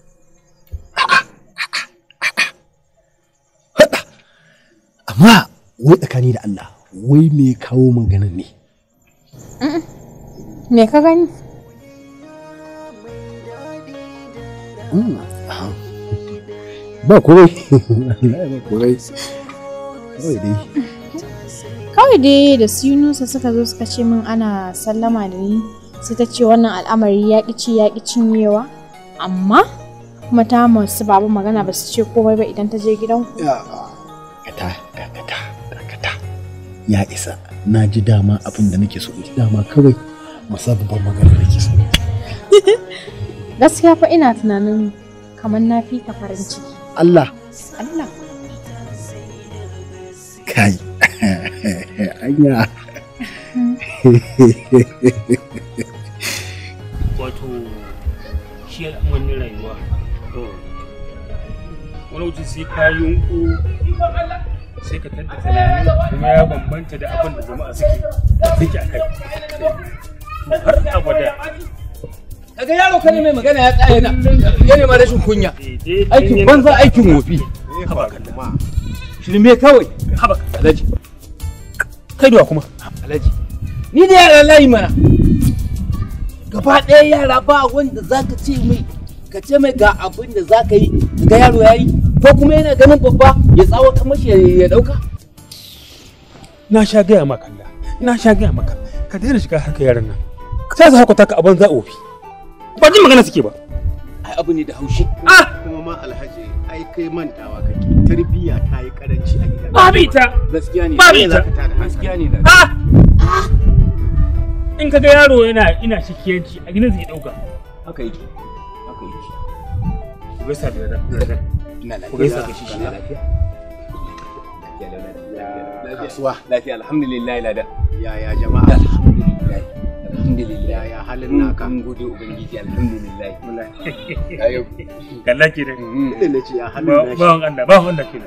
amma wai tsakani da Allah wai me kawo maganin ne me ka gani Uh-huh. ba komai komai kawai dai kawai dai da su yunusa suka zo suka ce min ana sallama da ni sai ta ce wannan al'amari ya ƙici ya ƙi cinyewa amma kuma ta masu babu magana ba su ce komai ba idan ta je gidan ku kata kata kata ya isa na ji dama abin da nake so dama kawai masu babban magana nake so Gaskiya fa ina tunanin kamar na fi ta farin ciki. Allah. Allah. Kai. Anya. Wato shi al'amarin rayuwa. Wani wuce sai ka yunku sai ka tanta tunanin kuma ya bambanta da abin da jama'a suke suke a kai. Har abada kaga yaro kane mai magana ya tsaya na yana ma rashin kunya aikin banza aikin wofi shirme kawai haba alhaji kai duwa kuma alhaji ni da yara layi mana gaba ɗaya yara ba wanda zaka ce mai ka ce mai ga abin da za ka yi ga yaro ya yi, ko kuma yana ganin babba ya tsawata mashi ya ɗauka? na sha gaya maka na sha gaya maka ka daina shiga harkar yaran nan sai su hakuta ka abin za ofi ba jin magana suke ba ai abu ne da haushi ah! kuma ma alhaji ai kai mantawa kake tarbiya ta yi karanci a gidan babi ta gaskiya ne babi ta gaskiya ne ah! ah in kaga yaro yana ina shikiyanci a gidan zai dauka haka yake haka yake ku gaisa da da lafiya ku gaisa da shi lafiya lafiya lafiya lafiya alhamdulillah ya ya jama'a alhamdulillah alhamdulillah ya halin naka an gode ubangiji alhamdulillah ayo kalla ki da ne ce ya halin naka bawon Allah bawon Allah ki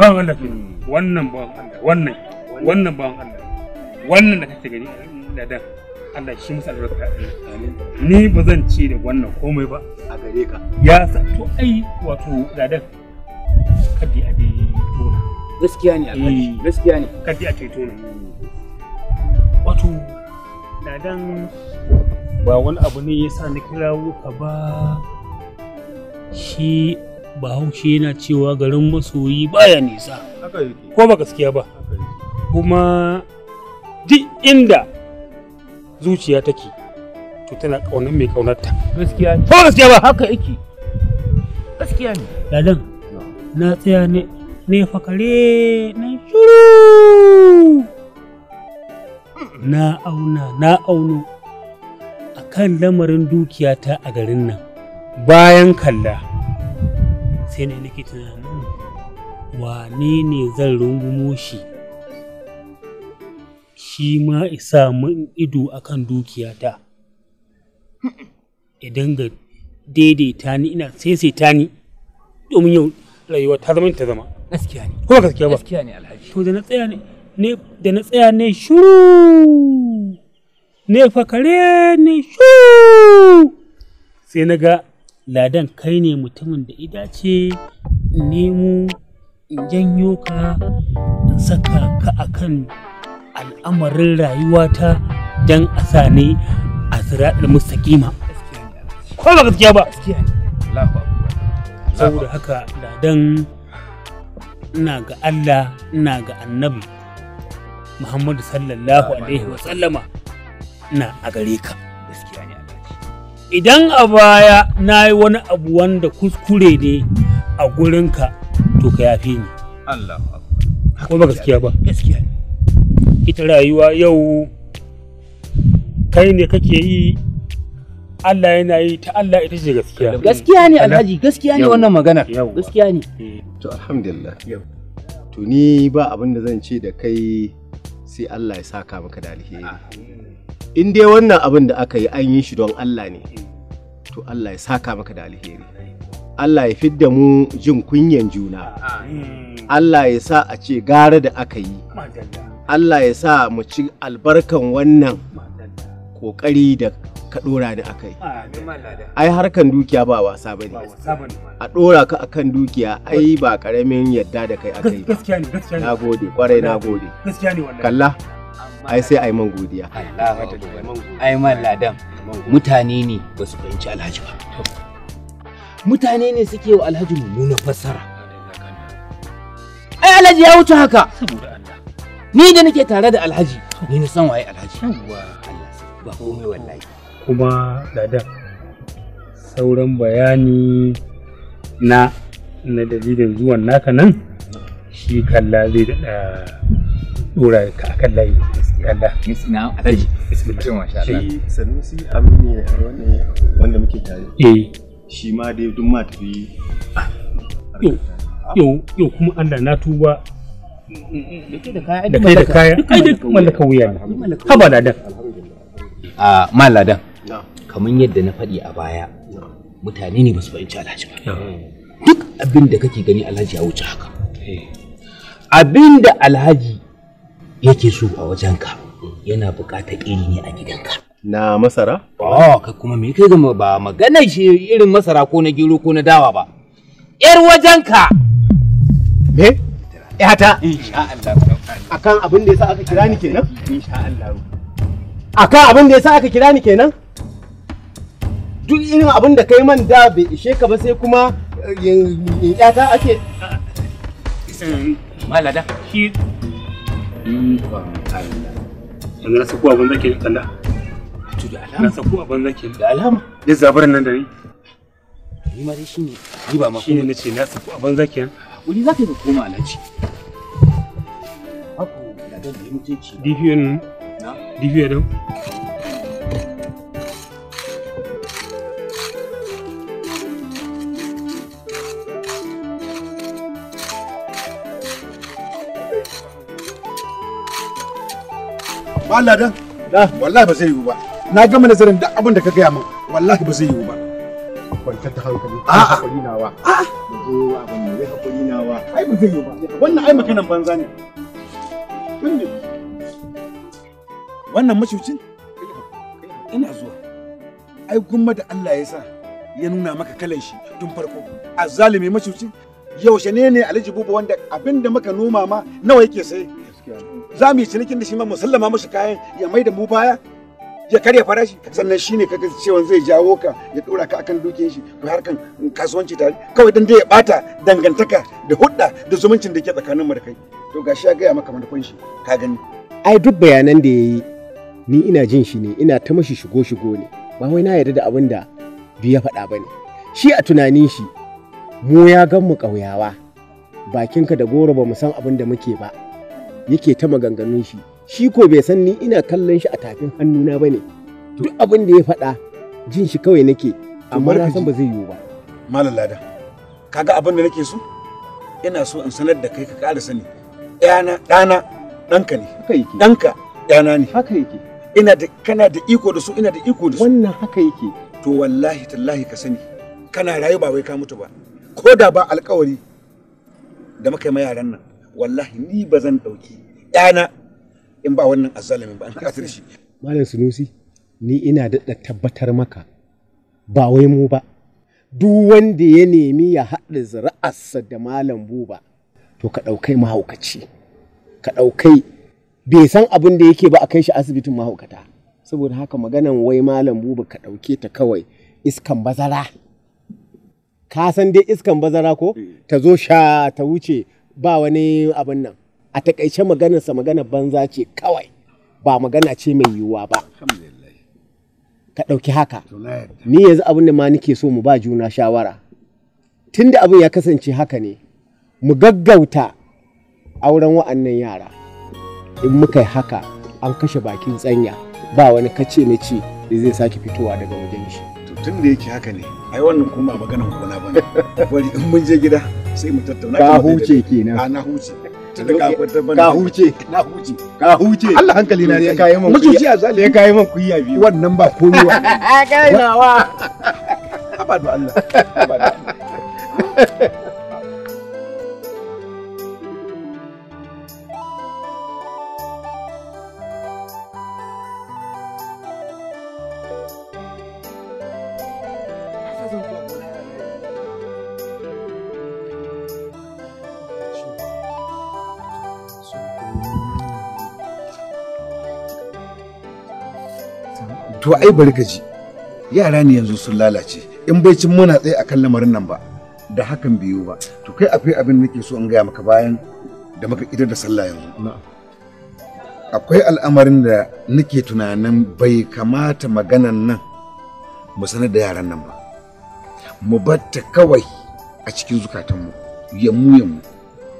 bawon Allah ki mm. wannan bawon Allah wannan wannan bawon Allah wannan da kake gani da da Allah shi musu albarka ni ba zan ce da wannan komai ba a gare ka ya sa to ai wato ladan kaddi a dai tona gaskiya ne a eh. gaskiya ne kaddi a ce tona mm. wato da dan ba wani abu ne yasa ni kirawo ka ba shi ba bahaushe yana cewa garin masoyi baya nisa ko ba gaskiya ba kuma duk inda zuciya take to tana kaunar mai ƙaunarta gaskiya ko gaskiya ba haka yake gaskiya ne dadan na tsaya ne ne fakare ne shuru na auna na auno a kan lamarin dukiyata a garin nan bayan kalla sai ne nake tunanin wane ne zan rungumo shi shi ma isa mun ido akan dukiyata idan ga daidaita ni ina saisaita ni domin yau rayuwa ta zama ta zama gaskiya ne ko gaskiya ba gaskiya ne alhaji to da na tsaya ne ne da na tsaya ne shuru ne fakare ne shuru sai na ga ladan kai ne mutumin da ce, nemo in janyo ka in saka ka kan al'amarin rayuwata don a sa ne a siraɗar mustaƙima ko ba gaskiya ba saboda haka ladan ina ga Allah na ga annabi Muhammadu sallallahu alaihi wa sallama na a gare ka idan a baya na yi wani abu wanda kuskure ne a gurinka to ka yafe ni Allah ko ba gaskiya ba gaskiya ne ita rayuwa yau kai ne kake yi Allah yana yi ta Allah ita ce gaskiya gaskiya ne alhaji gaskiya ne wannan magana gaskiya ne eh. to alhamdulillah to ni ba abin da zan ce da kai sai Allah ya saka maka da alheri in dai wannan abin da aka yi an yi shi don Allah ne to Allah ya saka maka da alheri Allah ya fidda mu jin kunyan juna Allah ya sa a ce gara da aka yi Allah ya sa mu ci albarkan wannan ƙoƙari da ka ɗora ni akai ai harkan dukiya ba wasa bane a dora ka akan dukiya ai ba karamin yadda da kai akai gaskiya ne gaskiya ne nagode kwarai nagode gaskiya ne wallahi kalla ai sai ai man godiya ai man ladan mutane ne ba su fahimci alhaji ba mutane ne suke wa alhaji mummuna fassara ai alhaji ya wuce haka ni da nake tare da alhaji ni na san waye alhaji ba komai wallahi kuma ladan sauran bayani na na dalilin zuwan naka nan shi kalla zai daɗa ɗora ka layi kalla na sanusi amini wanda muke tare eh. shi ma dai duk ma tafi yau yau kuma Allah na tuba da kai da kaya ai duk mallaka wuya ne ladan a ah, ma ladan kamar yadda na faɗi a baya mutane ne ba su fahimci alhaji ba duk abin da kake gani alhaji ya wuce haka eh. abin da alhaji yake so a wajenka yana buƙatar iri ne a gidanka na masara? Oh, kuma me kai gama ba magana shi irin masara ko na gero ko na dawa ba. ‘Yar wajenka! Me? Ya Insha Allah. Akan abin da yasa aka kira ni kenan? Insha Allah. Akan abin da yasa aka kira ni kenan? duk irin abin da kai man da bai ishe ka ba sai kuma eh, eh, yata ake malada shi yanzu hmm. na saku abin zake kalla to da alama na saku abin zake da alama da zabarin nan da ni ni ma dai shine ni ba ma shine nace na saku abin zake wani zaka ka koma alaji haku da da mutunci na diviyon ba dan da wallahi ba zai yiwu ba na gama nazarin duk abin da ka gaya min wallahi ba zai yiwu ba kwantar da hankali a hakuri nawa a zo abin da zai hakuri nawa ai ba zai yiwu ba wannan ai makanan banza ne wannan mashucin ina zuwa ai gumma da Allah ya sa ya nuna maka kalan shi tun farko azzalimi mashucin yaushe ne ne alhaji buba wanda abinda muka noma ma nawa yake sai za mu yi cinikin da shi ma mu sallama mashi kayan ya mai da mu baya ya karya farashi sannan shi shine kaga cewa zai jawo ka ya dora ka akan dukiyar shi ko harkan kasuwanci tare kawai dan dai ya bata dangantaka da hudda da zumuncin da ke tsakanin mu da kai to gashi ya gaya maka manufan shi ka gani ai duk bayanan da yayi ni ina jin shi ne ina ta mashi shigo shigo ne ba wai na yarda da abin da biya ya faɗa bane shi a tunanin shi mu ya gan mu ƙauyawa bakinka da goro ba mu san abin da muke ba yake ta maganganun shi shi ko bai san ni ina kallon shi a tafin hannuna ba ne duk abin da ya faɗa jin shi kawai nake amma na san ba zai yiwu ba malam lada kaga abin da nake so ina so in sanar da kai ka ƙara sani ɗana ɗana ɗanka ne ɗanka ɗana ne haka yake ina da kana da iko da su ina da iko da su wannan haka yake to wallahi tallahi ka sani kana rayu ba wai ka mutu ba ko da ba alƙawari da muka yi ma yaran nan wallahi ni ba zan ɗauki ɗana in ba wannan azalimin ba an kasar shi. Malam Sunusi, ni ina daɗa tabbatar maka ba wai mu ba. Duk wanda ya nemi ya haɗa zira'arsa da malam buba, to ka ɗaukai mahaukaci, ka ɗaukai bai san abin da yake ba a kai shi asibitin mahaukata. Saboda haka maganan wai malam buba ka ɗauke ta kawai iskan bazara. Ka san dai iskan bazara ko? Eh. Ta zo sha ta wuce ba wani abin nan a takaice maganarsa magana banza ce kawai ba magana ce mai yiwuwa ba ka ɗauki haka ni yanzu abin da ma nake so mu ba juna shawara tunda abin ya kasance haka ne mu gaggauta auren wa'annan yara in muka yi haka an kashe bakin tsanya ba wani kace na ce da zai sake fitowa daga wajen shi tun da yake haka ne ai wannan kuma maganan ba bane bari in mun je gida sai mu tattauna ka huce kenan a ah, na huce ka huce na huce ka huce Allah hankali na ya mm. kayi mun mutunci a zali ya kayi mun kuya biyu wannan ba komai wa kai nawa abadu Allah abadu to ai bari ka ji yara ne yanzu sun lalace in bai cin muna tsaye akan lamarin nan ba da hakan biyu ba to kai akwai abin da nake so in gaya maka bayan da muka idar da sallah yanzu akwai al'amarin da nake tunanin bai kamata maganan nan mu sanar da yaran nan ba mu batta kawai a cikin zukatanmu yammu yammu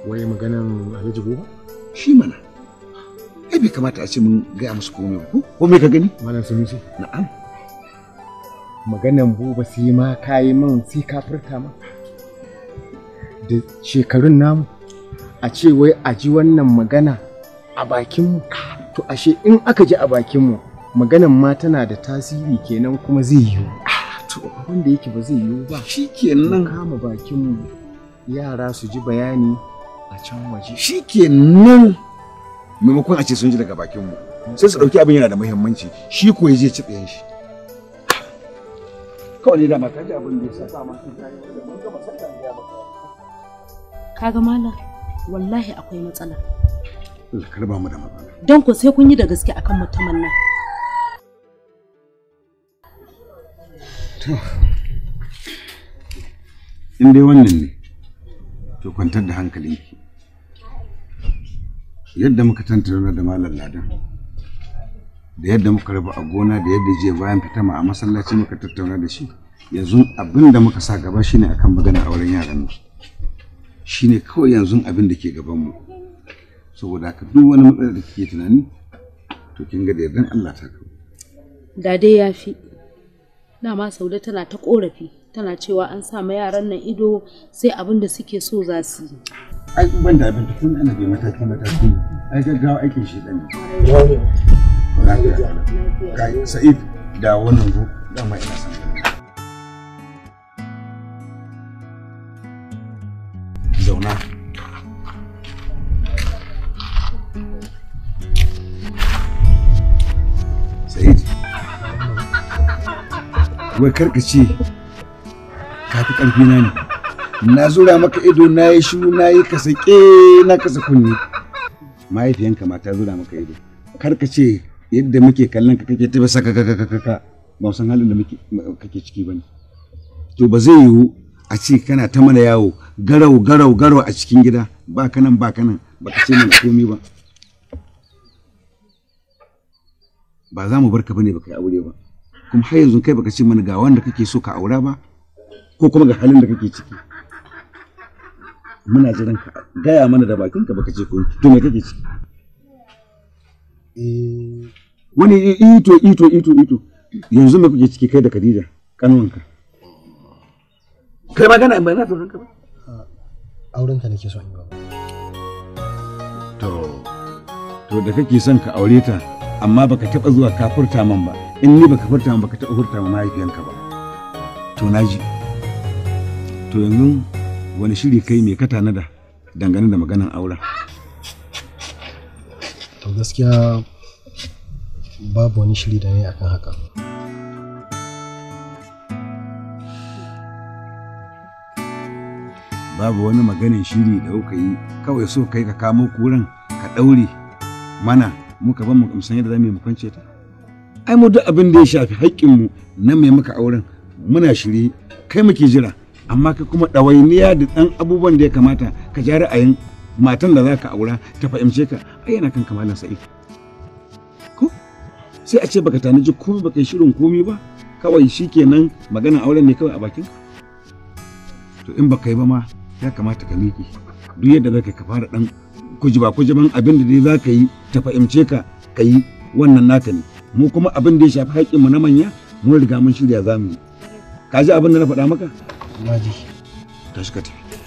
wai maganan alhaji gobe shi mana ai bai kamata a ce mun gaya musu komai ko ko me ka gani malam sunusi na'am maganan buba sai ma kayi man sai ka furta ma da shekarun namu a ce wai a ji wannan magana a bakinmu to ashe in aka ji a bakinmu maganan ma tana da tasiri kenan kuma zai yiwu to wanda yake ba zai yiwu ba shi kenan kama bakinmu yara su ji bayani a can waje shi kenan maimakon a ce sun ji daga bakin mu sai su dauki abin yana da muhimmanci shi ko ya je ci tsayen shi kawai da maka kaji abin da ya saka ma sun da mun gama sakan da ya baka kaga mallam wallahi akwai matsala Allah karba mu da matsala don ko sai kun yi da gaske akan mutumin nan in dai wannan ne to kwantar da hankalinki yadda muka tantauna da malam ladan da yadda muka raba a gona da yadda je bayan fita ma a masallaci muka tattauna da shi yanzu abin da muka sa gaba shine akan magana a wurin yaran nan shine kawai yanzu abin da ke gaban mu saboda haka duk wani matsala da kike tunani to kin ga da yardan Allah ta kawo da dai yafi ma Saude tana ta korafi tana cewa an sa ma yaran nan ido sai abin da suke so za su yi ai ban da abin tun ana bi mataki mataki ai gaggawa aikin shi dan ne sa'id da wannan zo dama ina san zauna sa'id wai karkace ka fi ƙarfi na ne na zura maka ido na yi shiru na yi kasa ke na kasa kunni mahaifiyanka ma ta zura maka ido kar ka ce yadda muke kallon ka kake ta saka ka ka ka ba san halin da muke kake ciki bane to ba zai yiwu a ce kana ta mana yawo garau garau garau a cikin gida ba kanan ba kanan ba ka ce mana komi ba ba za mu bar ka bane ba kai aure ba kuma har yanzu kai baka ce mana ga wanda kake so ka aura ba ko kuma ga halin da kake ciki muna jiran ka gaya mana da bakin ka baka ce ko to me kake ciki eh. wani ito ito ito ito yanzu me kuke ciki kai da Khadija ka kai magana ba na tsoron ka ba ah, auren ka nake so in yi to to da kake son ka aure ta amma baka taba zuwa kafurta man ba in ni baka furta man baka taba furta ma mahaifiyanka ba to naji to yanzu wani shiri kai me ka tanada dangane da maganin auren to gaskiya babu wani shiri da ne kan haka babu wani maganin shiri da kuka yi kawai so kai ka kamo kuran ka ɗaure mana muka ban mu kamsan yadda zamu mu kwance ta ai mu duk abin da ya shafi haƙƙinmu na mai maka auren muna shiri kai muke jira amma ka kuma ɗawainiya da ɗan abubuwan da ya kamata ka ja ra'ayin matan da za ka aura ta fahimce ka ai yana kan kamalan sa'i ko sai a ce baka tanaji komai baka yi shirin komi ba kawai shi nan maganar auren ne kawai a bakin to in baka yi ba ma ya kamata ka miƙe duk yadda za ka fara ɗan kujiba kujiban abin da dai za ka yi ta fahimce ka ka yi wannan naka ne mu kuma abin da ya shafi haƙƙinmu na manya mun riga mun shirya zamu yi ka ji abin da na faɗa maka Maji. Tashi ka tafi.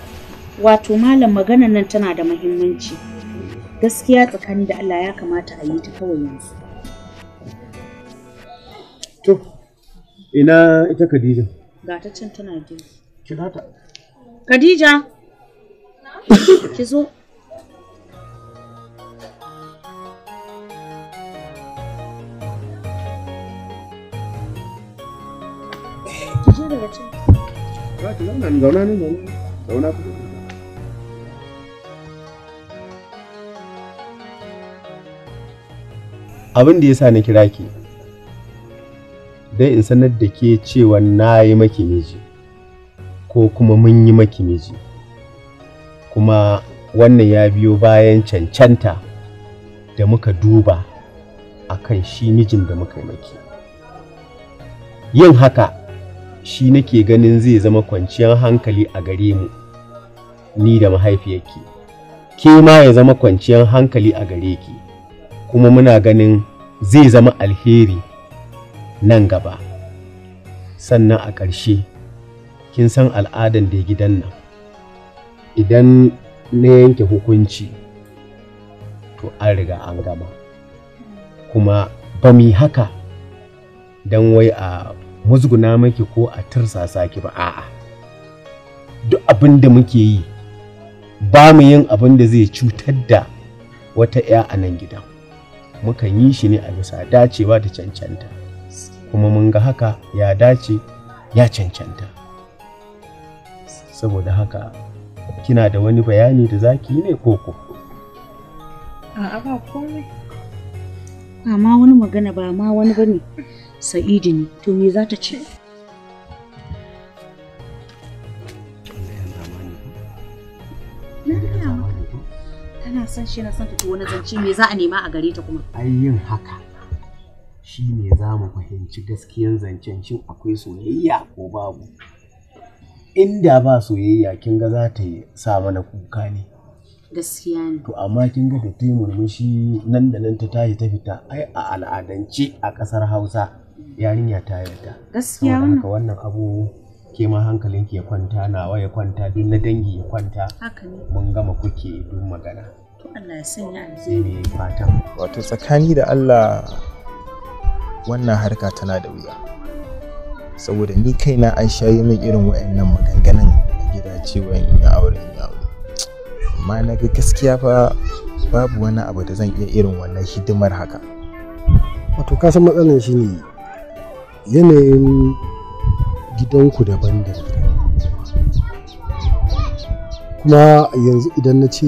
Wato malam magana nan tana da muhimmanci. Gaskiya tsakanin da Allah ya kamata a yi ta kawai yanzu. To, ina ita Khadija? Ga ta can tana je. Kira ta. Khadija. Ki zo. Ki je daga can. Abin da yasa na kira ki dai in sanar da ke cewa na yi maki miji ko kuma mun yi maki miji kuma wannan ya biyo bayan cancanta da muka duba a kan shi mijin da muka yi maki yin haka shi nake ganin zai zama kwanciyar hankali a gare mu ni da mahaifiyarki ke ma ya zama kwanciyar hankali a gare ki kuma muna ganin zai zama alheri nan gaba sannan a ƙarshe kin san al'adan da gidan nan idan na yanke hukunci to an riga an gama kuma ba mu yi haka don wai a muzguna miki ko a tirsasa ki ba a'a duk abin da muke yi ba mu yin abin da zai cutar da wata 'ya a nan gidan mukan yi shi ne a bisa dacewa da cancanta kuma mun ga haka ya dace ya cancanta saboda haka kina da wani bayani da zaki yi ne koko a'a ba komai ba ma wani magana ba ma wani bane Sa'idu ne, to me za ta ce? Tana son shi na son ta wani zance me za a nema a gare ta kuma. Ai yin haka shi ne za mu fahimci gaskiyan zancen shin akwai soyayya ko babu. Inda ba soyayya kin ga za ta sa mana kuka ne. gaskiya ne to amma kin ga da ta yi murmushi nan da nan ta tashi ta fita ai a al'adance a ƙasar hausa yarinya ta yarda gaskiya wannan wannan abu ke ma hankalin ya kwanta nawa ya kwanta duk na dangi ya kwanta haka ne mun gama kuke duk magana to Allah ya sanya alheri fatan wato tsakani da Allah wannan harka tana da wuya saboda ni kaina an shayi min irin wa'annan maganganun a cewa in yi aure ya aure amma na ga gaskiya fa babu wani abu da zan iya irin wannan hidimar haka wato ka san matsalar shi ne yanayin gidanku daban da kuma yanzu idan na ce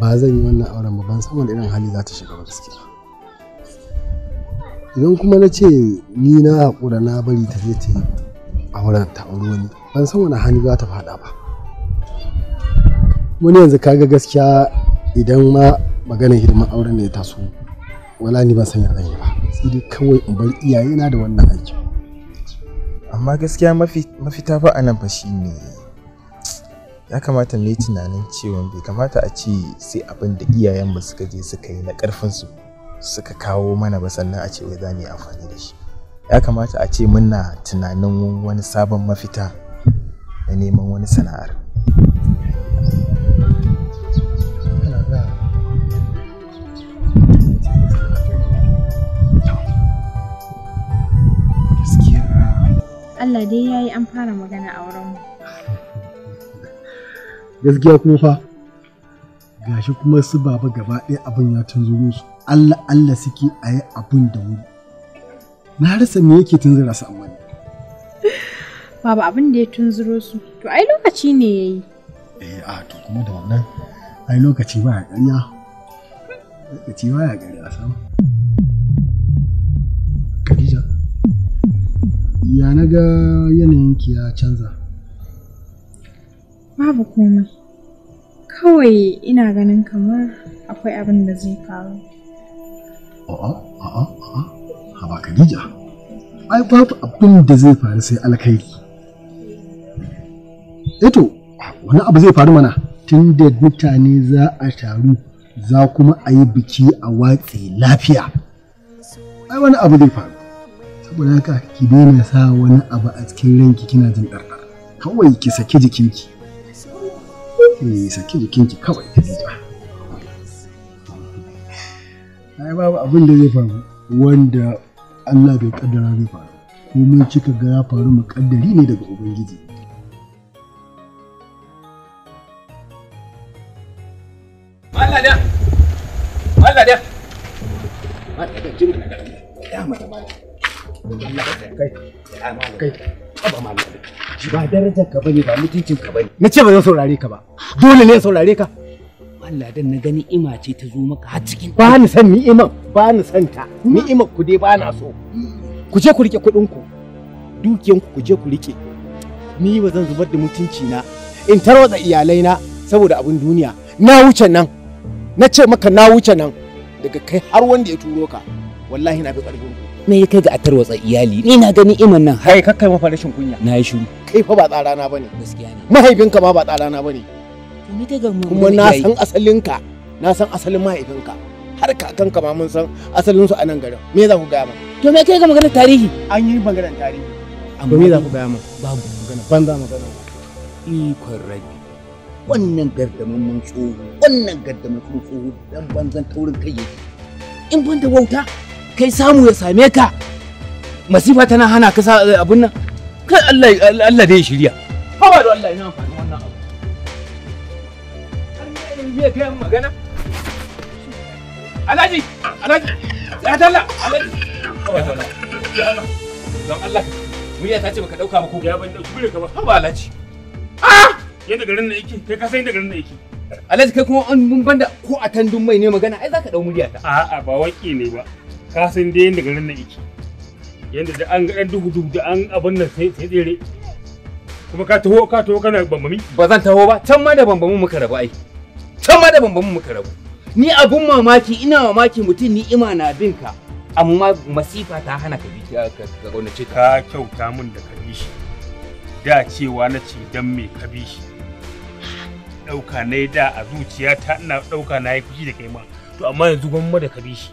ba zan yi wannan auren ba ban san wani irin hali za ta shiga ba gaskiya idan kuma na ce ni na haƙura na bari ta je ta yi auren ta auri wani ban san wani hali za ta faɗa ba wani yanzu kaga gaskiya idan ma maganar hidimar auren ne ya taso wala ni ban san yadda ba sai dai kawai in bar iyayena da wannan aikin amma gaskiya mafita fa anan fa shine ya kamata mu tunanin cewa bai kamata a ce sai abin da iyayenmu suka je suka yi na ƙarfinsu suka kawo mana ba sannan a ce wai za mu yi amfani da shi ya kamata a ce muna tunanin wani sabon mafita na neman wani sana'ar Allah dai yayi an fara magana auren mu gaskiya kuma fa gashi kuma su baba gaba ɗaya abin ya tunzo musu Allah Allah suke a yi abin da wuri na rasa me yake tunzura su amma Baba abin da ya tunzuro su to ai lokaci ne yayi eh a to kuma da wannan ai lokaci ba ya ƙarya lokaci ba ya ƙarya sama ya na ga yanayinki ya canza babu komai kawai ina ganin kamar akwai abin da zai faru a'a a'a a'a haba khadija ai babu abin da zai faru sai alkhairi eto eh wani abu zai faru mana tun da mutane za a taru za kuma a yi biki a watsi lafiya ai wani abu zai faru saboda haka ki daina sa wani abu a cikin ranki kina jin ɗarɗar kawai ki saki jikinki ki eh, saki jikinki kawai ai babu abin da zai faru wanda Allah bai kaddara zai faru komai kika ga ya faru muƙaddari ne daga ubangiji Allah da Allah da Allah da ba darajar ka bane ba mutuncin ka bane na ce ba zan saurare ka ba dole ne saurare ka Allah dan na gani ima ce ta zo maka har cikin ba ni san ni'ima ba ni san ta ni'ima ku dai ba na so ku je ku rike kuɗin ku dukiyan ku je ku rike ni ba zan zubar da mutunci na in tarwatsa iyalai na saboda abin duniya na wuce nan na ce maka na wuce nan daga kai har wanda ya turo ka wallahi na fi ƙarfin me ya kai ga a tarwatsa iyali ni na gani iman nan hai kakkai ma farashin kunya na yi shiru kai fa ba tsara na bane gaskiya ne mahaifinka ma ba tsara na bane ni dai ga kuma na san asalinka na san asalin mahaifinka har kakanka ma mun san asalin su a nan garin me za ku gaya ma. to me kai ga magana tarihi an yi magana tarihi amma me za ku gaya ma. babu magana banza magana ikon rabi wannan gardamin mun tsoho wannan gardamin tsoho dan banzan taurin kai in ban da wauta kai samu ya same ka masifa tana hana ka eh, abun nan kai Allah Allah da ya shirya haba don Allah ina amfani wannan abu biya kai magana Alhaji Alhaji ya dalla Alhaji don Allah murya ta ce baka dauka ba ko ya ban dauki ka ba haba Alhaji ah da garin nan yake kai ka san da garin nan yake Alhaji kai kuma an mun banda ko a tandun mai ne magana ai zaka dau murya ta a'a ba waki ne ba ka san dai yadda garin na iki yadda da an ga duhu duhu da an abin nan sai sai tsere kuma ka taho ka taho kana bambami ba zan taho ba can ma da bambamin muka rabu ai can ma da bambamin muka rabu ni abun mamaki ina mamaki mutum ni ima na bin ka amma masifa ta hana ka bi ka gaunace ka kyauta min da ka bi shi da cewa na ce dan me ka bi shi ɗauka na da a ta ina ɗauka na yi fushi da kai ma to amma yanzu gwamma da ka bi shi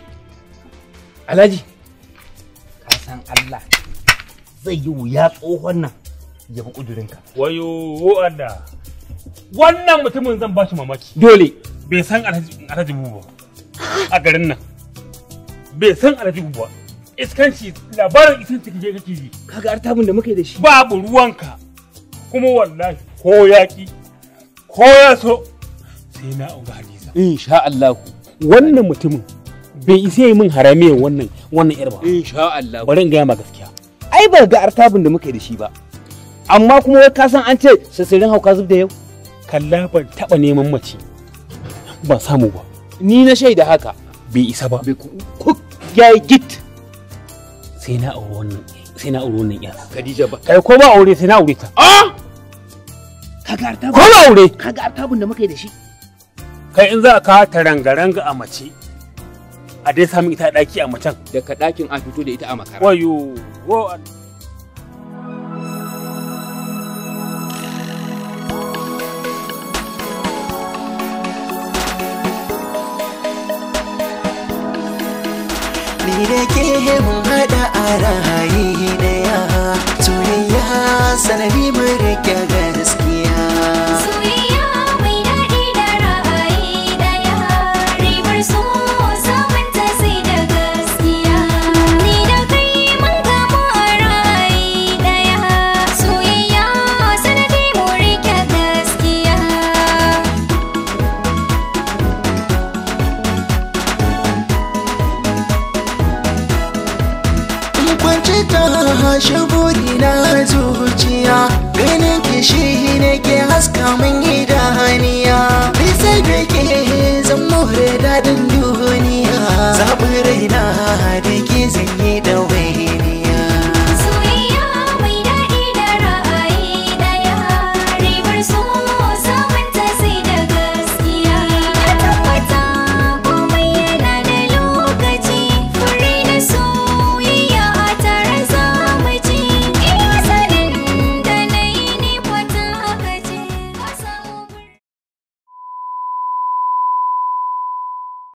Alhaji, ka san Allah zai yi wuya tsohon nan ya bi ƙudurinka. Wayo, anda. Wannan mutumin zan ba shi mamaki. Dole. Bai san Alhaji ba a garin nan. Bai san Alhaji Bubu ba. Iskanci labarin ciki je kake ji. Kaga artabun da muka yi da shi. Babu ruwanka. Kuma wallahi ko yaƙi ko ya sai na auga Hadiza. Insha Allah. Wannan mutumin bai isa yi min haramiyar wannan wannan yar ba insha Allah bari in ga ma gaskiya ai ba ga artabin da muke da shi ba amma kuma wai ka san an ce sasirin hauka zub da yau kalla ban taba neman mace ba samu ba ni na shaida haka bai isa ba ko ya git sai na aure wannan sai na aure wannan yar. Khadija ba kai ko ba aure sai na aure ta ah! Ka kaga artabin. ko ba aure kaga artabun da muke da shi kai in za ka ta rangaranga a mace a dai samun ita daki a macen daga dakin a fito da ita a makara wayo wo Ni da ke mun haɗa a rahayi da ya soyayya sanadi mai rike gaske coming in.